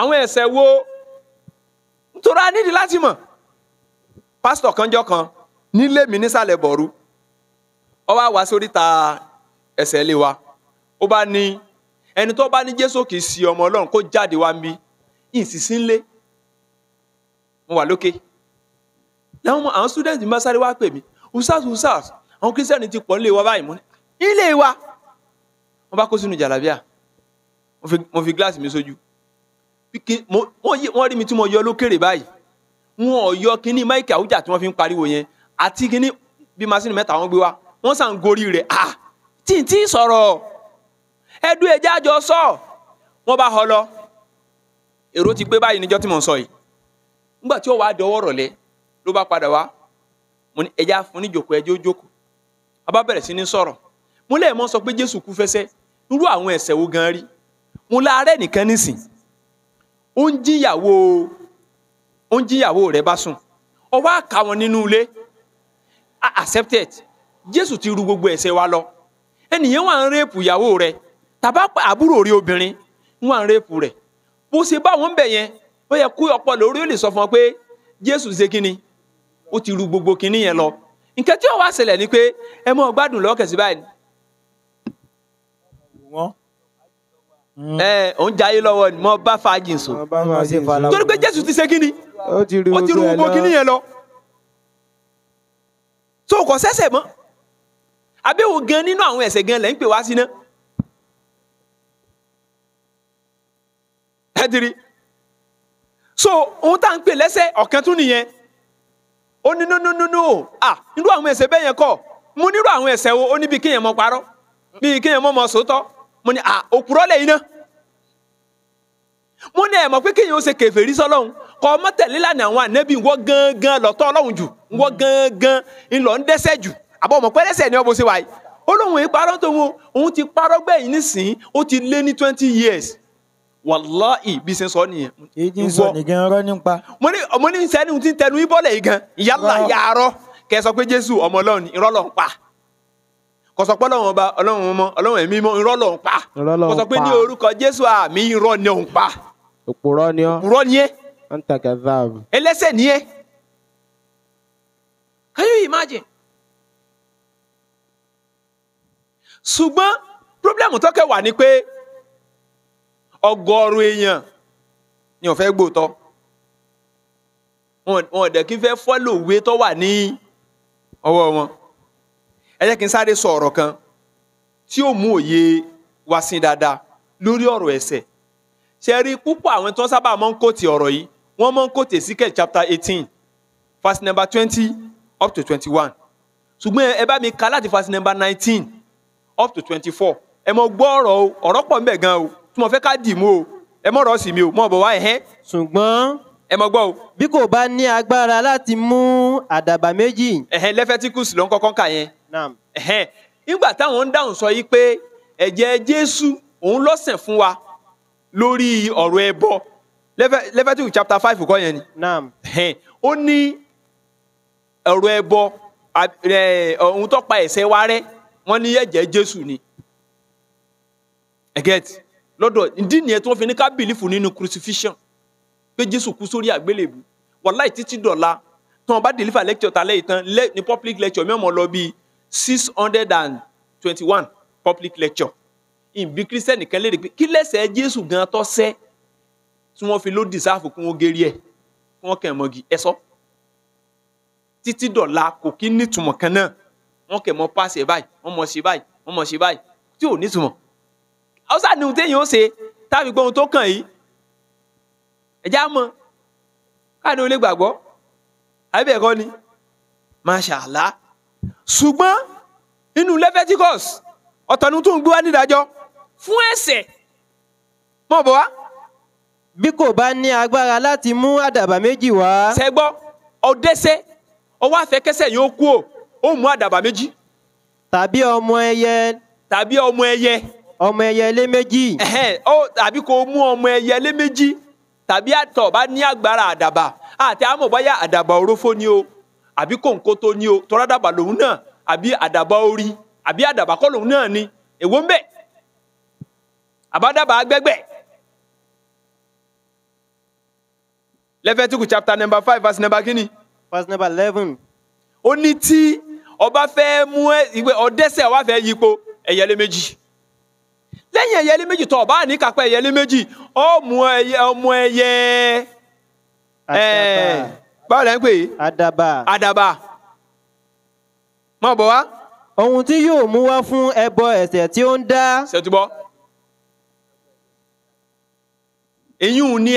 àwọn ẹ̀ṣẹ̀ wo nítorí a nídìí láti mọ̀ pásítọ̀ kanjọ́ kan nílé mi nísàlẹ̀ bọ̀rú ó wá wá sórí ta ẹ̀ṣẹ̀ lé wa ó bá ní ẹni tó bá ní jésù kì í sí ọmọ ọlọ́run kó jáde wá mi ìsìsí ńlé mo wà lókè làwọn ọmọ àwọn student bá sáré wá pè mí usas usas àwọn kírísítẹ́nì ti pọ̀ nílé wa báyìí mo ní ilé wa wọ́n bá kó sínú jàlábíà mo fi gíláàsì mi sójú wọ́n rí mi tí mo yọ lókèrè báyìí wọn ò yọ kínní máìkì àwùjá tí wọ́n fi ń pariwo yẹn àti kínní bí masínì mẹ́ta wọ́n gbé wa wọ́n sàn gorí rẹ̀ ah tí n tí sọ̀rọ̀ ẹdú ẹjẹ àjọ sọ wọn bá họ lọ èrò ti gbé báyìí níjọ́ tí mò ń sọ yìí nígbà tí ó wàá dọwọ́ rọ̀lẹ́ ló bá padà wá mo ní ẹjẹ àfún níjòkó ẹjẹ ó jókòó a bá bẹ̀rẹ̀ sí ní sọ̀rọ̀ mo lẹ́ẹ̀ mọ́ sọ pé Jésù kú fẹsẹ̀ irú àwọn ẹ̀ṣẹ̀ wo gan rí mo la arẹ́ nìkan nísìn ó ń jíyàwó ó ń jíyàwó rẹ̀ bá sùn ó wá accepted Jésù ti ru gbogbo wa lọ ẹnìyẹn wà ń ìyàwó tàbá àbúrò rí obìnrin wọn à ń rẹ́pù rẹ̀ bó ṣe bá wọn bẹ̀ yẹn ó yẹ kó ọpọlọ orí ó lè sọ fún ọ pé jésù ṣe kínni ó ti ru gbogbo kínní yẹn lọ nǹkan tí ó wá ṣẹlẹ̀ ni pé ẹ mọ́ gbádùn lọ́kẹ̀sí báyìí. Hmm. ẹ òun jayé lọ́wọ́ ni mo bá fàájì sùn torí pé jésù ti ṣe kínni ó ti ru gbogbo kínní yẹn lọ tó kọ sẹ́sẹ̀ mọ́ àbẹ̀wò gan nínú àwọn ẹ̀ṣẹ̀ gan lẹ́ ń pè wá sí náà. so ohun tá n pè lẹ́sẹ̀ ọ̀kan tún nìyẹn ó ní no no no no ah irú àwọn ẹ̀ṣẹ̀ bẹ́ẹ̀ yẹn mo nírú àwọn ẹ̀ṣẹ̀ wo ó níbi kéèyàn mọ parọ́ bíi kéèyàn mọ mọ mo ní ah òpùrọ́ lẹ́yìn náà mo ní ẹ mọ̀ pé kéèyàn ó ṣe kèfèrí sọ́lọ́hun kọ́ ọmọ tẹ̀lé lànà àwọn ànẹ́bí wọ́n gangan lọ́tọ́ ọlọ́run jù gangan ńlọ ń ọ wàláì bí ṣe sọ nìyẹn. èyí ń sọ nìgan ọ̀rọ̀ nípa. mo ní mo ní sẹ́ni tí tẹnu ibọ́lẹ̀ yìí gan yálà yàrá kẹ sọ pé jésù ọmọ ọlọ́run ni irọ́ lọ́n pa kò sọ pé ọlọ́run ọba ọlọ́run ọmọ ọlọ́run ẹ̀mí mọ́ irọ́ lọ́n pa kò sọ pé ní orúkọ jésù àmì irọ́ ni òun pa. òpùrọ́ ni ọ́ òpùrọ́ ni ẹ́. ń tàkà záàbù. ẹlẹ́sẹ̀ ni ẹ́. can you imagine. ṣùgbọ́n pírọ́blẹ́mù tọ́kẹ́ wà ní pé ọgọ́rùn èèyàn ni wọ́n fẹ́ gbòótọ́ wọn ò dẹ̀ kí n fẹ́ fọ́lò òwe tó wà ní ọwọ́ wọn ẹ jẹ́ kí n sáré sọ ọ̀rọ̀ kan tí ó mú òye wá sí dáadáa lórí ọ̀rọ̀ ẹ̀sẹ̀ ṣe rí púpọ̀ àwọn tí wọ́n sábà máa ń kóòtì ọ̀rọ̀ yìí wọ́n máa ń kóòtì Ezekiel chapter eighteen verse number twenty up to twenty-one ṣùgbọ́n ẹ bá mi ka láti verse number nineteen up to twenty-four ẹ mọ gbọ́ ọ̀rọ̀ ọ̀rọ̀ pọ̀ ń bẹ gan o tí mo fẹ́ ká dì mú o ẹ mọ̀ rọ̀ sí mi o mọ̀ bọ̀ wá ẹ̀hẹ́. ṣùgbọ́n ẹ mọ gbọ́ o. bí kò bá ní agbára láti mú àdàbà méjì. ẹhẹn lẹfẹtikus ló ń kọ́kọ́ kà yẹn. naam. ẹhẹn nígbà táwọn ń dáhùn sọ yìí pé ẹ̀jẹ̀ jésù òun lọ́sẹ̀ fún wa lórí ọ̀rọ̀ ẹbọ lẹfẹtikus chapter five kọ́ yẹn ni. naam. ẹhẹn ó ní ọ̀rọ̀ ẹbọ ohun tó pa ẹ̀ṣẹ̀ wa rẹ́ wọ́n ní ẹ̀jẹ̀ jésù ni. ẹ gẹ́tì lọ́dọ̀ ìdí nìyẹn tí wọ́n fi ní ká bìlífù nínú crucifixion pé jésù kú sórí àgbélébù wàláì títí dọ̀la tí wọ́n bá deliver lecture tálẹ́ ìtàn ní public lecture mẹ́wọ̀n lọ bíi six hundred and twenty-one public lecture ìbí kírísítẹ́nì kan léde pé kí lẹ́sẹ̀ jésù gan tó ṣẹ̀ tí wọ́n fi ló dìsáàfù kí wọ́n gérí ẹ̀ kí wọ́n kàn mọ́gi ẹ sọ títí dọ̀la kò kí nítumọ̀ kan náà wọ́n kàn mọ́ pàṣẹ báyìí wọ́n mọ̀ ṣe báyìí wọ́n mọ̀ ṣe báyìí tí ò nítumọ̀ haúsá ni ohun téèyàn ó ṣe táàbí gbọ́ ohun tó kàn yìí ẹ̀já mọ káàdì ó lè gbàgbọ́ àbí ẹ̀kọ́ ni máṣàlá ṣùgbọ́n inú Leviticus ọ̀tọ̀nu tó ń gbé wá nídàájọ́ fún ẹ̀ṣẹ̀ mọ̀ bọ́ wá. bí kò bá ní agbára láti mú àdàbà méjì wá. ṣẹgbọ́ ọ̀dẹ́sẹ̀ ọwọ́ àfẹ́kẹ́sẹ̀ yóò kú ò ó mú àdàbà méjì. tàbí ọmọ ẹyẹ. tàbí ọmọ ẹyẹ ọmọ ẹyẹlé méjì. ó tàbí kó mú ọmọ ẹyẹlé méjì tàbí àtọ̀ bá ní agbára àdàbà àti àmọ̀ báyà àdàbà òrófó ni o àbí kòǹkótó ni o tọ́ra dàbà lòun náà àbí àdàbà orí àbí àdàbà kọ́ lòun náà ni èwo ń bẹ àbádàbà agbẹ́gbẹ́. Leviticus chapter number five verse number kini. verse number eleven. ó ní tí ọba fẹ́ mú ẹ ìwé ọdẹ́sẹ̀ wá fẹ́ yípo ẹ̀yẹ́lé méjì lẹ́yìn ẹyẹlé méjì tó bá ní kápẹ́ ẹyẹlé méjì ọmọ ẹyẹ ọmọ ẹyẹ báwo lẹ́ ń adaba é. àdàbà. àdàbà. mọ̀ bọ̀ wá. ohun tí yóò mú wá fún ẹbọ ẹ̀ṣẹ̀ tí ó ń dá. ṣètùbọ̀. ìyún ni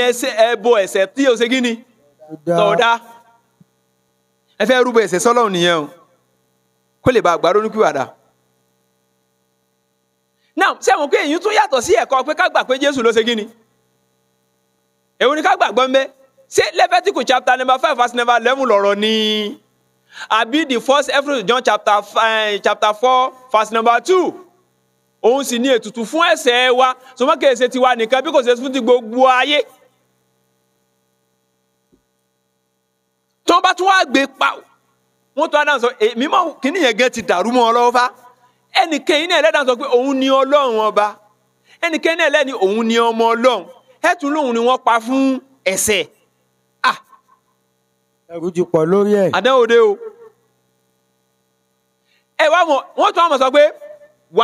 ẹbọ ẹ̀ṣẹ̀ tí o ṣe kí ni. tọ̀dá. ẹ fẹ́ rúbọ ẹ̀ṣẹ̀ sọ́lọ́run nìyẹn o kó lè bá àgbàdo ní kúwàdà now ṣé àwọn pé èyí tún yàtọ̀ sí ẹ̀kọ́ pé ká gbà pé jésù ló ṣe kí ni èwo ni ká gbàgbọ́ ń bẹ ṣé lẹ́fẹ̀tìkù chapter number five verse number eleven lọ̀rọ̀ ni àbí the first episode john chapter five eh, chapter four verse number two òun sì ní ètùtù fún ẹ̀ṣẹ̀ wa sọmọ kìí ṣe tiwa nìkan bí kò ṣe fún ti gbogbo ayé tí wọ́n bá tún wá gbé pa wọ́n tún wá dáhùn sọ èmi mọ̀ kíní yẹn gẹ́ ti dàrú mọ́ ọ lọ́wọ́ fáá ẹnìkẹ́yìn náà ẹlẹ́dàá sọ pé òun ni ọlọ́run ọba ẹnìkẹ́yìn náà ẹlẹ́ni òun ni ọmọ ọlọ́run ẹ̀tún lòun ni wọ́n pa fún ẹ̀ṣẹ̀. Ah! ẹrù ti pọ̀ lórí ẹ̀. àdánwò o. ẹ wá mọ̀ wọ́n tún àmọ̀ sọ pé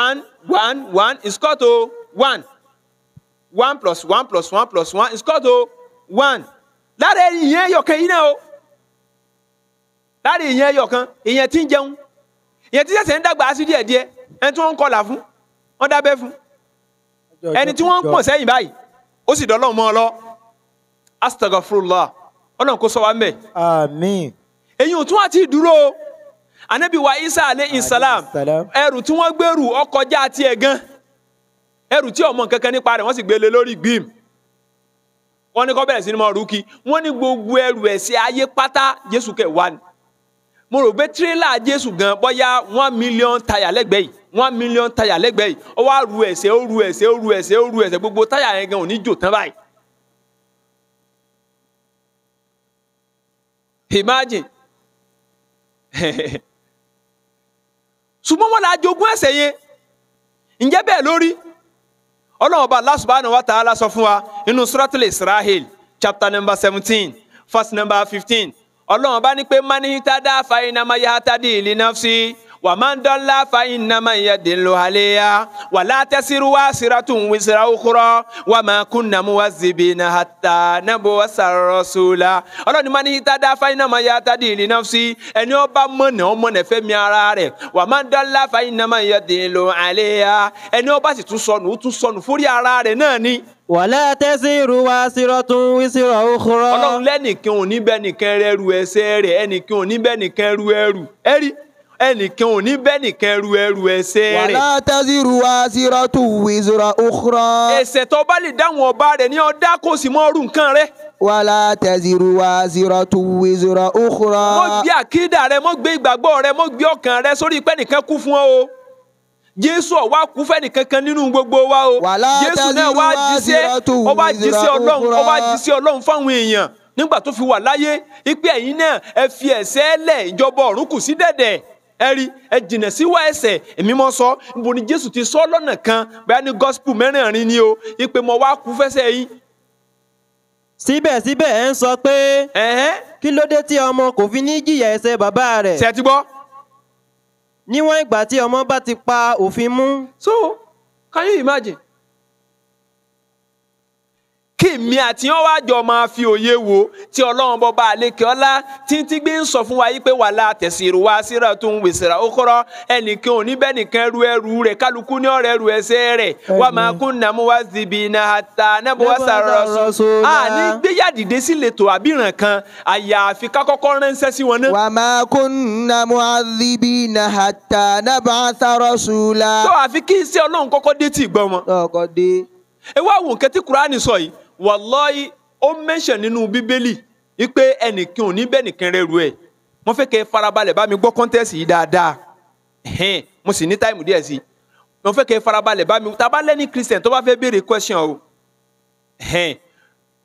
one one one is equal to one one plus one plus one plus one is equal to one lára ìyẹn yọ̀kan yìí náà o lára ìyẹn yọ̀kan ìyẹn tí ń jẹun ìyẹn tí sẹ̀sẹ̀ ń dàgbà sí díẹ̀díẹ̀ ẹni tí wọ́n ń kọlà fún wọ́n dábẹ́ fún ẹni tí wọ́n ń pọ̀n sẹ́yìn báyìí ó sì dọ́lọ́ mọ́ ọ lọ astagfirullah ọlọ́run kó sọ wa mẹ́. àmín. èyí ò tún àti dúró o anabi wa isa aleyhi salam ẹrù tí wọ́n gbèrú ọkọjá tiẹ̀ gan ẹrù tí ọmọ kankan nípa rẹ̀ wọ́n sì gbélé lórí gbìm wọ́n ní kó bẹ̀rẹ̀ sí ni mo rú kí wọ́n ní gbogbo ẹrù ẹ̀ṣẹ̀ ayé pátá jésù kẹ̀ wá ni. mo rò pé tírélà jésù gan bóyá one million táyà lẹ́gbẹ̀ẹ́ yìí one million táyà lẹ́gbẹ̀ẹ́ yìí ó wá ru ó ru ó ru ó ru gbogbo táyà yẹn gan ò ní jò tán báyìí. imagine ṣùgbọ́n wọn la jogún ẹsẹ̀ yẹn ǹjẹ́ bẹ́ẹ̀ lórí ọlọ́run ọba Allah wa sọ fún wa nínú Israel chapter ọlọ́run bá ní pé manihitada fa inama yahatadi linafsi wa man dalla fa innama yadillu alayha wa la tasiru wasiratun wisra ukhra wa ma kunna muwazzibina hatta nab'asa rasula ọlọ́ni man ihtada fa innama yahtadi li nafsi ẹni ó bá mọ̀nà ó mọ̀nà fẹ́mi ara rẹ̀ wa man dalla fa innama yadillu alayha ẹni ó bá sì tún sọnù ó tún sọnù fúrí ara rẹ̀ náà ni wàlẹ́ tẹ́sírù wa sírọ́tún wísírọ̀ òkúrọ́. ọlọ́run lẹ́nìkan ò ní bẹ́ẹ̀ nìkan rẹ́rù ẹsẹ̀ rẹ̀ ẹnìkan ò ní bẹ́ẹ̀ nìkan rú ẹrù ẹ̀rí ẹnìkan ò ní bẹ́ẹ̀ nìkan rú ẹrù ẹsẹ̀ rẹ̀. wàlẹ́ tẹ́sírù wa sírọ́tún wísírọ̀ òkúrọ́. ẹ̀ṣẹ̀ tó bá lè dáhùn ọba rẹ̀ ní ọdá kò sì mọ ọrùn nǹkan rẹ̀. wàlẹ́ tẹ́sírù wa sírọ́tún wísírọ̀ òkúrọ́. mo gbé àkídà rẹ mo gbé ìgbàgbọ́ rẹ mo gbé ọkàn rẹ sórí pé kú fún ọ jésù ọ̀wá kú fẹ́ni kankan nínú gbogbo wa o jésù náà wá jíṣẹ́ ó wá jíṣẹ́ ọlọ́run ó wá jíṣẹ́ ọlọ́run fáwọn èèyàn nígbà tó fi wà láyé ipe ẹ̀yin náà ẹ fi ẹ̀ṣẹ̀ lẹ̀ ìjọba ọ̀run kù sí dẹ̀dẹ̀ ẹ̀rí ẹ jìnà sí wá ẹ̀ṣẹ̀ èmi mọ sọ níbo ni jésù ti sọ lọ́nà kan bẹ́ẹ̀ ni gospel mẹ́rìnrin ni o ipe mo wá kú fẹ́ṣẹ̀ yín. síbẹ̀síbẹ̀ ẹ ń sọ pé kí ló dé tí ọmọ kò fi ní jìyà ẹ̀ṣẹ̀ bàbá rẹ̀. ṣe ti gbọ́ níwọ̀n ìgbà tí ọmọ bá ti pa òfin mú. so can you imagine kí èmi àti wọn wá jọ máa fi òye wò tí ọlọ́run bọ́ bá àlékè ọlá títí gbé ń sọ fún wa yí pé wà láà tẹ̀sírù wá síra tó ń wèsìrà ó kọ́rọ́ ẹnìkan ò ní bẹ́ẹ̀ nìkan ẹrù ẹrù rẹ̀ kálukú ní ọ̀rẹ́ ẹrù ẹsẹ̀ rẹ̀ wà máa kún nàmú wá zibi iná ata nàbó wá sàrọ̀ sọ à ní gbéyàdìde sí lètò àbíràn kan àyàfi kákọ́kọ́ ránṣẹ́ sí wọn náà. wà máa kún nàmú wàláì ó mẹ́ṣẹ̀ nínú bíbélì wípé ẹnìkan ò ní bẹ́ẹ̀ nìkan rẹ̀ rú ẹ̀ mo fẹ́ kẹ́ farabalẹ̀ bá mi gbọ́ kọ́ńtẹ́sì yìí dáadáa ẹ̀hìn mo sì ní táìmù díẹ̀ sí mo fẹ́ kẹ́ farabalẹ̀ bá mi tàbá lẹ́ni christian tó bá fẹ́ béèrè question o ẹ̀hìn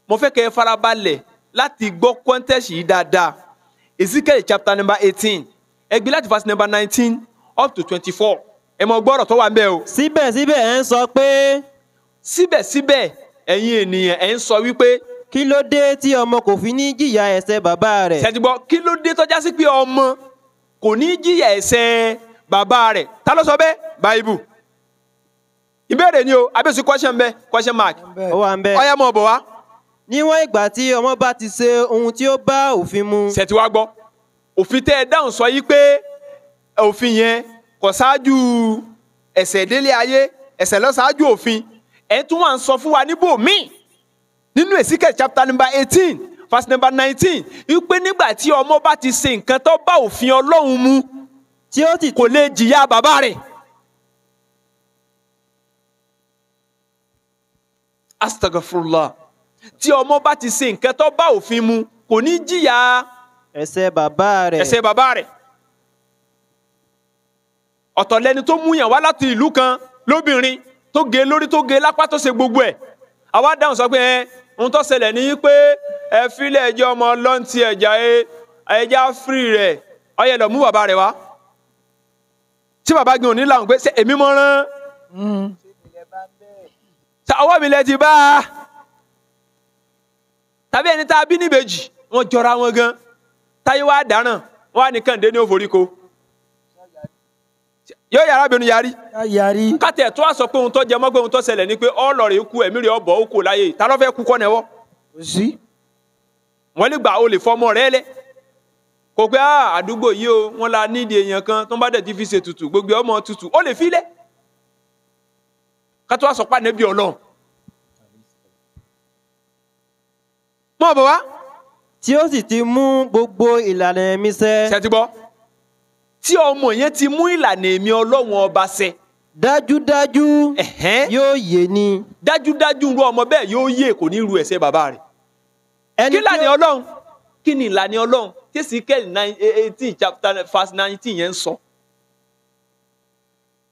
mo fẹ́ kẹ́ farabalẹ̀ láti gbọ́ kọ́ńtẹ́sì yìí dáadáa ezekiel chapter number eighteen ẹgbẹ́ láti verse number nineteen up to twenty-four ẹ mọ gbọ́rọ̀ tó wà ń bẹ̀ o. síbẹ̀síbẹ̀ ẹ ń sọ pé. síbẹ̀síbẹ̀ ẹ̀yin ènìyàn ẹ̀ ń sọ wípé kí ló dé tí ọmọ kò fi ní jìyà ẹ̀ṣẹ̀ bàbá rẹ̀. ṣètìgbọ́ kí ló dé tọ́já sí pé ọmọ kò ní jìyà ẹ̀ṣẹ̀ bàbá rẹ̀ ta ló sọ bẹ́ẹ̀ báyìbù ìbéèrè ni o abẹ́sí question bẹ́ẹ̀ question mark ọyá mọ̀ bọ̀ wá. níwọ̀n ìgbà tí ọmọ bá ti ṣe ohun tí ó bá òfin mu. ṣètìwá gbọ́ òfin tẹ́ ẹ dáhùn sọ yìí pé òfin yẹn kò ṣáájú ẹ̀ṣẹ̀ délé ayé ẹ̀ṣẹ̀ ló òfin ẹ̀ tún wà ń sọ fún wa níbò míì nínú Èsíkẹ́lì chapter number eighteen verse number nineteen wípé nígbà tí ọmọ bá ti ṣe nǹkan tó bá òfin Ọlọ́run mu tí ó ti kò lè jìyà bàbá rẹ̀. astagfurullah tí ọmọ bá ti ṣe nǹkan tó bá òfin mu kò ní jìyà ẹ̀ṣẹ̀ bàbá rẹ̀ ẹ̀ṣẹ̀ bàbá rẹ̀ ọ̀tọ̀ tó múyàn wá láti ìlú kan lóbìnrin tó lori lórí tó gbogbo ẹ̀ àwa dáhùn sọ pé ẹ ohun tó ṣẹlẹ̀ ní pé ẹjọ́ ọmọ lọ́ǹtì ẹ̀já ẹ ẹja firi rẹ ọyẹ lọ mú bàbá rẹ̀ wá tí bàbá gbin òní làwọn pé ṣe èmi mọ rán ọwọ́ mi lẹ ti bá a tàbí ẹni tá a bí níbejì wọ́n jọra gan táyé wá dáràn wọn á nìkan dé ní yóò yàrá bínú yarí. yarí. kátẹ tó a sọ pé ohun tó jẹ mọ́ pé ohun tó ṣẹlẹ̀ ni pé ọlọrin kú ẹ̀mí rẹ̀ ọbọ ó kò láyé ta ló fẹ́ kú kọ nẹwọ. kò sí. wọn lè gbà o lè fọmọ rẹ lẹ kò pé ah, àdúgbò yìí o wọn la nídìí èèyàn kan tó ń bá dẹ̀ ti fi ṣe tutù gbogbo ọmọ tutù ó lè fi lẹ kátó a sọ pé ọlọ́run. mọ̀ bọ̀ wá. tí ó sì ti mú gbogbo ìlànà ẹ̀mí sẹ́. ṣe tí ọmọ yẹn ti mú ìlànà èmi ọlọ́run ọba ṣẹ. dájúdájú yóò yé ni. dájúdájú ru ọmọ bẹ́ẹ̀ yóò yé kò ní ru ẹ̀ṣẹ̀ bàbá rẹ̀. kí lànà ọlọ́run kí ni ìlànà ọlọ́run tẹ̀sí kẹ́lì eighteen chapter verse nineteen yẹn ń sọ.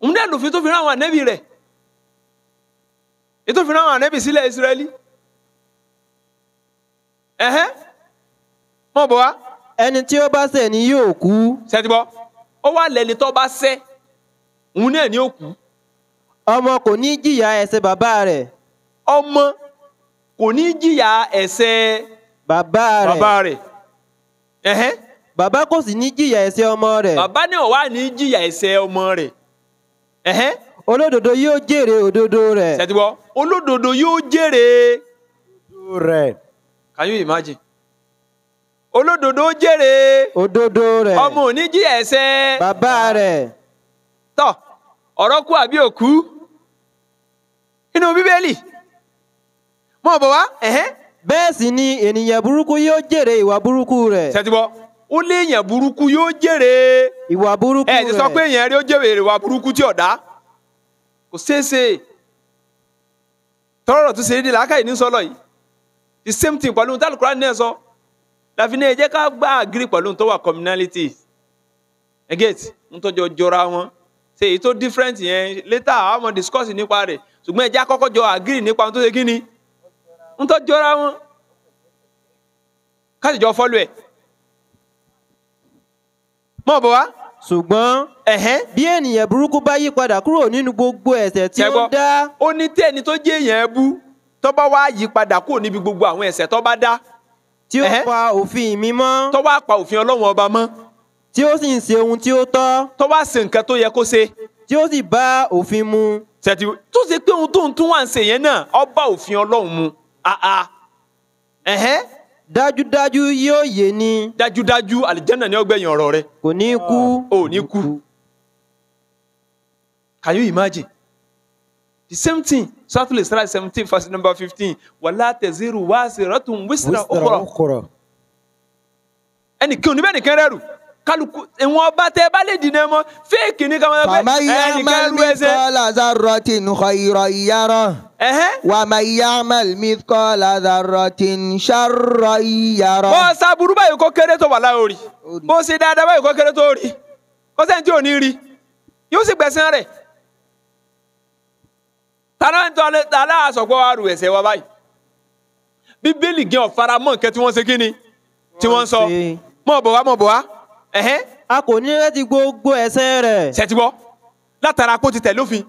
ǹdẹ́ lòfin tó fi rán àwọn ànẹ́bí rẹ̀ ètò ìfìràn àwọn ànẹ́bí sílẹ̀ ìsírẹ́lì ẹ̀hẹ́ mọ̀ bọ́ wa. ẹni tí ó bá ṣẹ̀ ni yóò kú. ṣe ó wà lẹ́ni tó bá ṣẹ̀ ni ọmọ kò ní jìyà bàbá rẹ. ọmọ kò ní jìyà bàbá rẹ. bàbá rẹ. bàbá kò sì ní jìyà ọmọ rẹ. bàbá náà wà ní jìyà ọmọ rẹ olódodo yóò jèrè òdodo olódodo yóò jèrè. can you imagine? olódodo jèrè òdodo rẹ̀ ọmọ òní jí ẹ̀ṣẹ̀ bàbá rẹ̀. tọ ọ̀rọ̀ kú àbí òkú inú bíbélì mọ bọ wá. bẹ́ẹ̀ sì ni ènìyàn burúkú yóò jèrè ìwà burúkú rẹ̀. sẹ́tibọ́ ó léèyàn burúkú yóò jèrè ìwà burúkú rẹ̀. ẹ ti sọ pé èèyàn rí ó jèrè ìwà burúkú tí ọ̀dá kò ṣeéṣe tọrọ tó ṣe é di làákàyè ní sọlọ yìí the same thing pẹ̀lú tálùkùrá ní ẹ̀ sọ. So láfi ní ẹ jẹ́ ká gbá àgírí pẹ̀lú tó wà communalities ẹgẹ́tì jọra wọn ṣe èyí tó different yẹn later a máa discuss nípa rẹ̀ ṣùgbọ́n ẹ jẹ́ àkọ́kọ́ jọ àgírí nípa ohun tó ṣe kí ni jọra wọn ká sì jọ follow ẹ̀ mọ̀ bọ̀ wá. ṣùgbọ́n bí ènìyàn burúkú bá yí padà kúrò nínú gbogbo ẹ̀ṣẹ̀ tí ó ń dá. ó ní tí ẹni tó jẹ́ èèyàn ẹbú tó bá wá yí padà kúrò níbi gbogbo àwọn ẹ̀ṣẹ̀ tó bá dá tí ó pa òfin mi mọ́. tó wá pa òfin ọlọ́run ọba mọ́. tí ó sì ń ṣe ohun tí ó tọ́. tó wá ṣe nǹkan tó yẹ kó ṣe. tí ó sì bá òfin mu. tẹ̀tí tó ṣe pé ohun tó ń tún wà ń ṣe yẹn náà ó bá òfin ọlọ́run mu. dájúdájú yóò yé ni. dájúdájú àlìjẹ́nà ni ó ọ̀rọ̀ rẹ. kò ní kú. ò ní kú. can you imagine? the same thing suratul isra seventeen verse number 15. wala taziru waziratun wisra ukhra ẹnìkan Any nìkan rẹ̀ rù kálukú ìwọ̀n ọba tẹ bá lè dìde mọ́ fẹ́ẹ̀kì ní kàwọn ẹgbẹ́ ẹnìkan rú ẹsẹ̀. fàmáyàmàl mithqala zarratin khayran yara. wàmáyàmàl mithqala zarratin sharran yara. bó o sa burú báyìí kó kere to wà láorí bó o ṣe dáadáa báyìí kó kéré tó rí kó sẹ́ni tí ò ní rí yóò sì tàná ń tọ́lé tàná àsọ̀pọ̀ wa rù ẹ̀ṣẹ̀ wa báyìí bíbélì gan ọ̀fara mọ́ nǹkan tí wọ́n ṣe kí ni tí wọ́n sọ mọ̀ bọ̀ wá mọ̀ bọ̀ wá. a kò ní láti gbogbo ẹ̀ṣẹ̀ rẹ̀. ṣe ti gbọ́ látara kó ti tẹ̀ lófin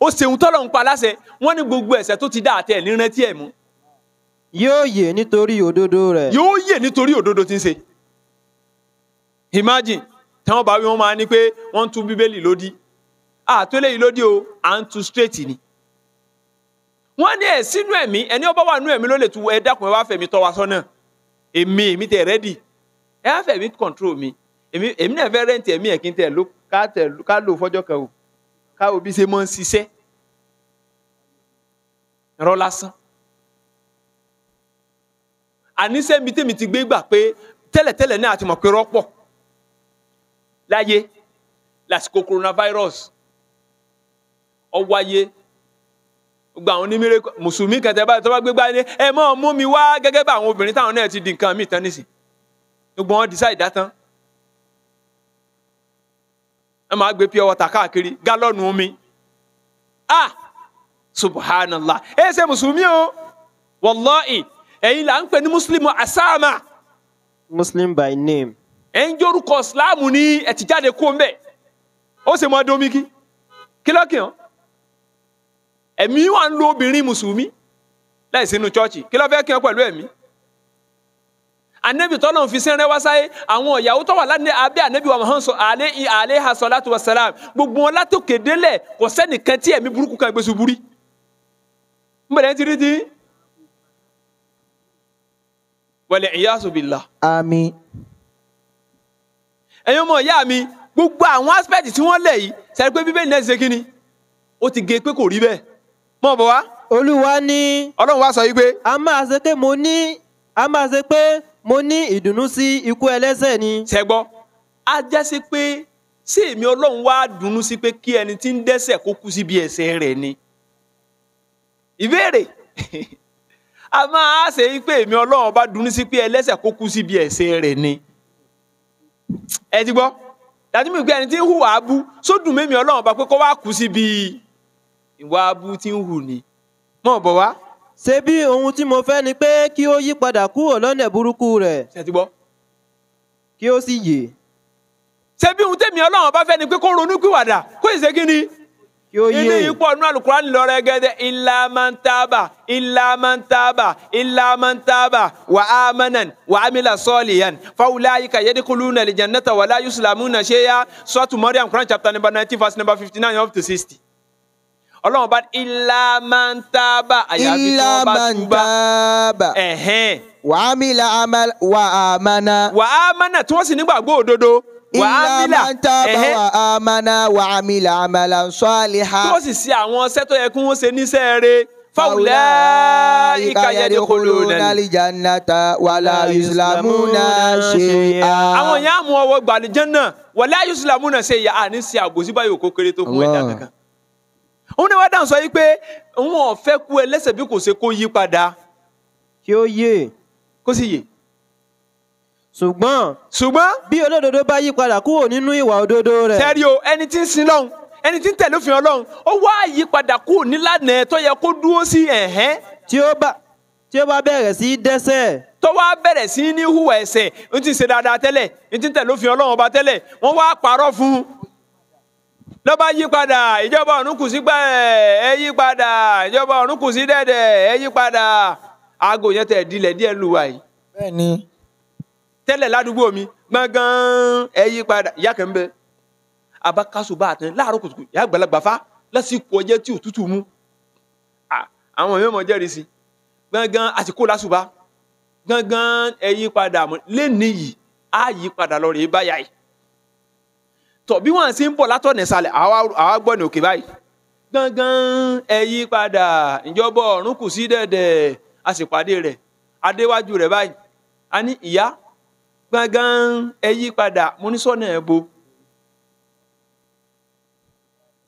ó ṣeun tọ́lọ̀ ń pa láṣẹ wọ́n ní gbogbo ẹ̀ṣẹ̀ tó ti dá àtẹ̀ nírántí ẹ̀ mú. yóò yè nítorí òdodo rẹ̀. yóò yè nítorí òdodo tí ń ṣe. imagine tí wọ́n bá wí wọ́n máa ní pé wọ́n ń tú bíbélì lódì àtúlẹ̀ yìí lódì o à ń tú straight ni wọ́n ní ẹ̀ sínú ẹ̀mí ẹni ọba wa nú ẹ̀mí ló lè tu ẹ dákun ẹ wá fẹ̀mí tọ́ wa sọ́nà èmi èmi tẹ̀ rẹ́dì ẹ wá fẹ̀mí control mi èmi èmi náà fẹ́ rẹ́ǹtì ẹ̀mí ẹ̀ kí n tẹ̀ ló ká tẹ̀ ká lò fọ́jọ́ kan o ká o bí ṣe mọ́ ń ṣiṣẹ́ rọ́ lásán àníṣe mi tèmi ti gbé gbà pé tẹ́lẹ̀tẹ́lẹ̀ náà àti mọ̀ pé rọ́pọ̀ láyé lásìkò coronavirus ó wáyé gbogbo àwọn onímìrè mùsùlùmí kẹtẹ báyìí tó bá gbé gbá ní ẹ mọ mú mi wá gẹ́gẹ́ bí àwọn obìnrin táwọn náà ti di nǹkan míì tán nísìn gbogbo wọn decide dátán ẹ máa gbé pure water káàkiri gálọ́ọ̀nù omi ah subhanallah ẹ ṣe mùsùlùmí o wàláì ẹ̀yin là ń pè ní mùsùlùmí asáàmà. muslim by name. ẹ ń jórúkọ islam ní ẹ ti jáde kó ń bẹ ó sì mọ domi kí kí lọ́kàn ẹ̀mí wà ń lo obìnrin mùsùlùmí láì sínú chọ́ọ̀chì kí ló fẹ́ kí wọn pẹ̀lú ẹ̀mí anabi tọ́lọ̀ fi sẹ́rẹ́ wá sáyé àwọn ìyàwó tó wà lánàá abẹ́ anabi wa mahanso alẹ́ alẹ́ hasalatu wa salam gbogbo wọn látòkè délẹ̀ kò sẹ́nìkan tí ẹ̀mí burúkú kan gbèsè burú mbẹ̀rẹ̀ ti rí ti. wal iyasu billah. àmín. ẹ̀yin ọmọ ìyá mi gbogbo àwọn aspect tí wọ́n lẹ̀ yìí sẹ́ni pé bíbélì náà ṣe kí ni ó ti gé pé kò rí bẹ́ẹ̀ mọ̀ bọ̀ wá. olúwa ní. ọlọ́run wá sọ yìí pé. a máa ṣe pé mo ní a máa ṣe pé mo ní ìdùnnú sí ikú ẹlẹ́ṣẹ̀ ni. ṣẹ́gbọ́ a jẹ́ sí pé ṣé èmi ọlọ́run wá dùnnú sí pé kí ẹni tí ń dẹ́ṣẹ̀ kó kú síbi ẹ̀ṣẹ̀ rẹ̀ ni. ìbéèrè a máa ṣe pé èmi ọlọ́run bá dùnnú sí pé ẹlẹ́ṣẹ̀ kó kú síbi ẹ̀ṣẹ̀ rẹ̀ ni. ẹ ti gbọ́ dájú mi pé ẹni tí ń hùwà abú sódùn mẹ́mi ọlọ́run bá pé kó wá kú síbi ìwà abú tí ń hù ni mọ̀ bọ̀ wá. ṣé bí ohun tí mo fẹ́ ni pé kí ó yí padà kúrò lọ́nà burúkú rẹ̀. ṣe ti gbọ́. kí ó sì yè. ṣé bí ohun tèmi ọlọ́run bá fẹ́ ni pé kó ronú pìwàdà kó ìṣe kí ni. kí ó yé ilé ipò ọ̀nà alukurani lọ rẹ gẹ́gẹ́ illa man taba illa man taba illa man taba wa amanan wa amila salihan fa ulaika yadkhuluna aljannata wa la yuslamuna shay'a suratu Maryam Quran chapter number nineteen verse number fifty nine to sixty ọlọ́run bá ilá máa ń tábà àyàfi tí wọ́n bá túbà. wàá mílà wàá mánà. wàá mánà tí wọ́n sì nígbàgbọ́ òdodo wàhámìlà ẹ̀hẹ́ amana wàhámìlà àmàlà sọ́ọ̀lìhà. tó sì ṣe àwọn ọṣẹ́ tó yẹ kí wọ́n ṣe níṣẹ́ rẹ̀ fáwùlẹ́ ìkàyẹ̀dẹ̀ kolo wala wàlà ìsìlámùnà ṣe à. àwọn yẹn á mú ọwọ́ gbàlejò náà wàlà ìsìlámùnà ṣe yà á ní ṣe àgbòsí báyìí òkókèrè tó kún ẹ̀dá kankan òun ni wàá dáhùn sọ yìí pé òun ò fẹ́ kú ẹlẹ́ṣẹ̀ bí kò ṣe kó yí padà. kí ó yè. kó sì yè. ṣùgbọ́n. ṣùgbọ́n. bí olódodo bá yí padà kúrò nínú ìwà òdodo rẹ̀. tẹ́rí o ẹni tí ń sin lọ́hùn ẹni tí ń tẹ̀lé òfin ọlọ́run ó wá àyípadà kúrò nílànà ẹ̀ tó yẹ kó dúró sí ẹ̀hẹ́. tí ó bá tí ó bá bẹ̀rẹ̀ sí í dẹ́ṣẹ̀. tó wá bẹ̀rẹ̀ sí ní hùwà ẹ̀ṣẹ̀ ń ti ṣe dáadáa tẹ́lẹ̀ ń ti tẹ̀lé òfin ọlọ́run ọba tẹ́lẹ̀ wọ́n wá parọ́ fún un lọ́ba yí padà ìjọba ọ̀run kù sí gbẹ́ẹ̀ ẹ yí padà ìjọba ọ̀run kù sí dẹ́dẹ̀ ẹ yí padà aago yẹn tẹ̀ dilẹ̀ díẹ̀ lù wá yìí. bẹ́ẹ̀ni. tẹ́lẹ̀ ládùúgbò mi gbọ̀ngàn ẹ yí padà ìyá kan bẹ abakaso bá a tán láàárọ̀ kùtùkùtù ìyá àgbàlagbà fa lásìkò ọjẹ́ tí òtútù mú àwọn mẹ́mọ̀ jẹ́rìí sí gbọ̀ngàn àsìkò lásùbà gbọ̀ngàn ẹ yí padà lẹ́nìí yìí á yí padà lọ rèé báyà yìí tọ̀ bí wọ́n ṣe ń bọ̀ látọ̀ nísàlẹ̀ àwa gbọ́ ní òkè báyìí gangan ẹ yí padà ìjọba ọ̀run kù sí dẹ̀dẹ̀ a sì pàdé rẹ̀ adéwájú rẹ̀ báyìí a ní ìyá gangan ẹ yí padà mo ní sọ́nà ẹ̀ bo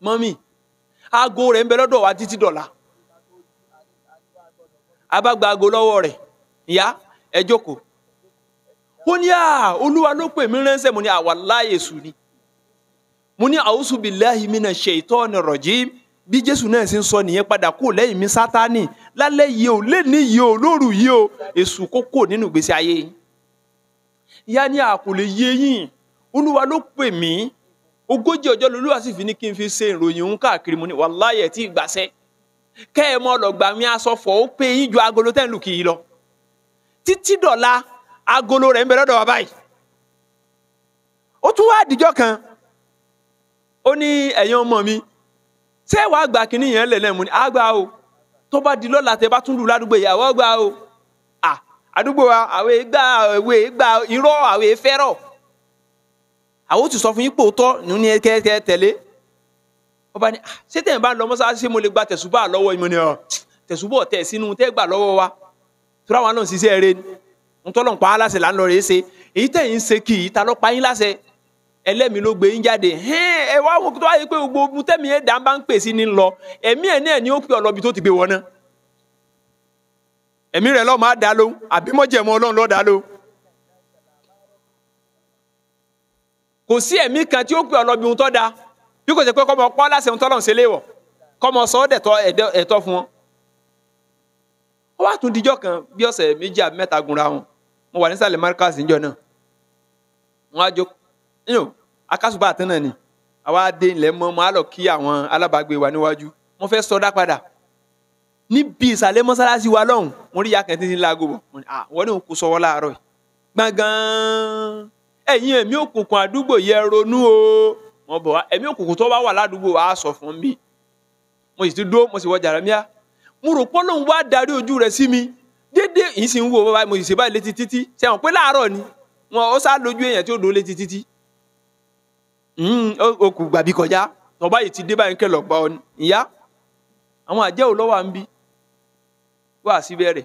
mọ́mì aago rẹ̀ ń bẹ lọ́dọ̀ wa títí dọ̀la abágbà aago lọ́wọ́ rẹ̀ ìyá ẹ jókòó ó ní à olúwa ló pè mí ránṣẹ́ mo ní àwa láyè sùn ni. Ya, mo ní a'usu billahi mina shaytani rajim bí jésù náà ṣe ń sọ nìyẹn padà kó lẹ́yìn mi sátánì lálẹ́ yìí o lẹ́ni yìí o lóru yìí o èṣù kókó nínú ìgbésí ayé ìyá ni a kò lè yé yín olúwa ló pè mí ogójì ọjọ́ lolúwa sì fi ní kí n fi ṣe ìròyìn òun káàkiri mo ní wàláyé tí ì gbàṣẹ́ kẹ́ ẹ mọ ọlọ́gbà mi asọ̀fọ̀ ó pé yín ju agolo tẹ́ kì í lọ títí dọ̀la agolo rẹ̀ ń bẹ lọ́dọ̀ wa báyìí ó tún wá àdìjọ́ kan ó ní ẹ̀yin ọmọ mi ṣé wàá gba kinní yẹn lẹ̀ lẹ́mu ni á gbà o tó bá di lọ́la tẹ bá tún lù ládùúgbò ìyàwó gbà o à àdúgbò wa àwẹ̀ e gbà àwẹ̀ e gbà irọ́ àwẹ̀ e fẹ́rọ̀ àwọn ò ti sọ fún yín pò tọ́ ní kẹ́kẹ́ tẹ̀lé ọba ni ṣé tẹ̀ ń bá lọ mọ́sáàsì ṣé mo lè gba tẹ̀sùbà lọ́wọ́ ìmọ̀ ni ọ tẹ̀sùbọ̀ tẹ̀ sínú tẹ́ gbà lọ́wọ́ wa tura wa náà ṣiṣẹ́ rẹ ntọ́lọ́npá aláṣẹ là ń lọ rẹ ṣe èyí tẹ̀yìn ṣe kì í ta lọ́pàá yín láṣẹ ẹlẹ́mìí ló gbé yín jáde ẹ wá wọn tó wáyé pé gbogbo ogun tẹ́mi ẹ̀dá bá ń pè sí ní lọ ẹ̀mí ẹ̀ náà ni ó pè ọ lọ́bi tó ti gbé wọn náà ẹ̀mí rẹ̀ lọ́ọ́ máa dá àbímọ́jẹ̀mọ́ ọlọ́run lọ́ọ́ dá lóhùn. kò sí ẹ̀mí kan tí ó pè ọ lọ́bi ohun tó da bí kò sí pé kọ́mọ pọ́ láṣẹ ohun tọ́lọ́run ṣe léèwọ̀ kọ́mọ sọ ọ́ dẹ̀tọ́ ẹ̀tọ́ fún wọn. ó wá tún dijọ́ kan yóò akásùgbà àtàn náà ni àwa dé ilẹ̀ mọ́ mọ́ á lọ kí àwọn alábàágbé wa níwájú wọ́n fẹ́ sọdá padà níbi ìsàlẹ̀ mọ́sálásí wa lọ́hùn mo rí yàkẹ́ títí láago bọ̀ wọ́n ní òkú sọ́wọ́ láàárọ̀ yìí gbọ̀ngàn ẹ̀yin ẹ̀mí òkùnkùn àdúgbò yẹ ronú o wọ́n bọ̀ wá ẹ̀mí òkùnkùn tó bá wà ládùúgbò wa sọ fún mi mo sì ti dó mo sì wọ jàrámíà mo rò pọ́ lóun wá darí ojú rẹ̀ sí mi dédé yìí sì ń wo mo sì ṣe báyìí létí títí ṣe pé láàárọ̀ ni wọn ó sá lójú èèyàn tí ó dó létí títí Hmm, o kù gbàbí kọjá tọba yìí ti dé báyìí kẹlọ gbà ọ ìyá àwọn àjẹ́ ò lọ́wọ́ à ń bí wá sí bẹ̀rẹ̀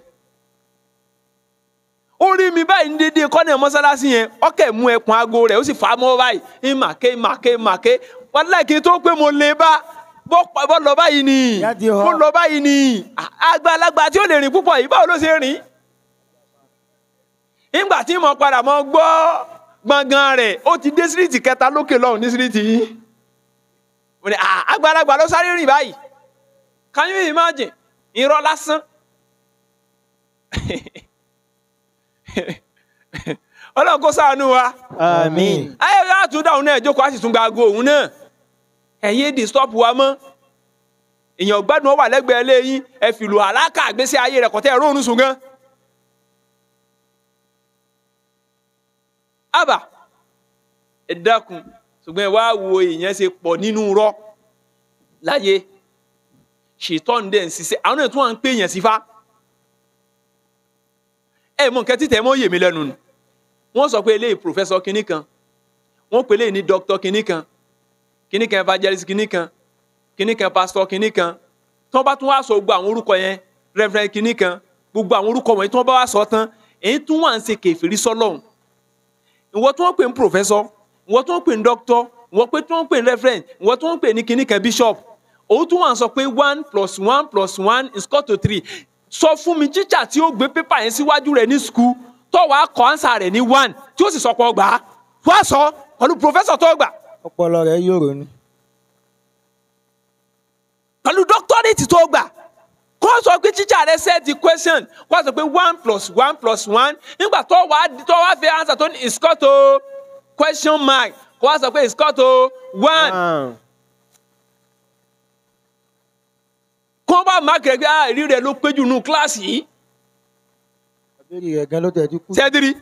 ó rí mi báyìí ní dédé kọ́nà mọ́sálásí yẹn ọkẹ́ mú ẹkùn aago rẹ̀ ó sì fà á mọ́ báyìí ìmàké ìmàké ìmàké wọn láìkí tó pé mo lè bá bọ́ lọ báyìí ni mo lọ báyìí ni àgbàlagbà tí ó lè rìn púpọ̀ yìí báwo ló ṣe rìn nígbà tí mo padà mọ́ gbọ́ gbọ̀ngàn rẹ̀ ó ti dé síríìtì kẹta lókè lọ́hùn ní síríìtì yìí mo ní àgbàlagbà ló sáré rìn báyìí can you imagine irọ́ lásán ọlọ́run kó ṣàánú wa. Ami. ayé yóò tún dáhùn náà a sì tún gba aago òun náà di stop wa mọ́ èèyàn gbádùn ọ wà lẹ́gbẹ̀ẹ́ lẹ́yìn ẹ fìlò àlákà àgbésí ayé rẹ̀ kọ́tẹ́ sùn gan àbà ẹ dákun ṣùgbọ́n ẹ wá wo èèyàn ṣe pọ̀ nínú rọ́ láyé ṣètọ́nù dẹ̀ ń ṣiṣẹ́ àwọn èèyàn tó wà ń pè èèyàn sífá ẹ mọ nǹkan títẹ̀ mọ́ yèmí lẹ́nu nù wọ́n sọ pé eléyìí pòfẹ́sọ kínní kan wọ́n pè eléyìí ní dókítọ̀ kínní kan kínní kan evangelist kínní kan kínní kan pastor kínní kan tí wọ́n bá tún wá sọ gbogbo àwọn orúkọ yẹn reverend kínní kan gbogbo àwọn orúkọ wọ̀nyí tí wọ́n bá wá sọ tán èyí tún wà ń ṣe kèfèrí sọ́lọ́hùn ìwọ tí wọ́n pè ní professor ìwọ tí wọ́n pè ní doctor ìwọ pé tí wọ́n pè ní referent ìwọ tí wọ́n pè ní kinní bishop òun tún wà ń sọ pé one plus one plus one is equal to three sọ fún mi jíjà tí ó gbé pépà yẹn síwájú rẹ̀ ní school tọ́wọ́ akọ ansa rẹ̀ ní one tí ó sì sọ pé ọgbà á wá sọ pẹ̀lú professor tó gbà. ọpọlọ rẹ yóò ronú. pẹ̀lú doctorate tó gbà kó sọ pé teacher rẹ set the question kó sọ pé one plus one plus one nígbà tó wá tó wá fẹ́ answer tó ní is equal to question mark kó wá sọ pé is one. kó bá mark rẹ gbé àárín ah, rẹ ló péjú nù kíláàsì yìí. àbẹ̀rẹ̀ rẹ̀ gan ló tẹ̀ ẹ́ kú. sẹ́dírì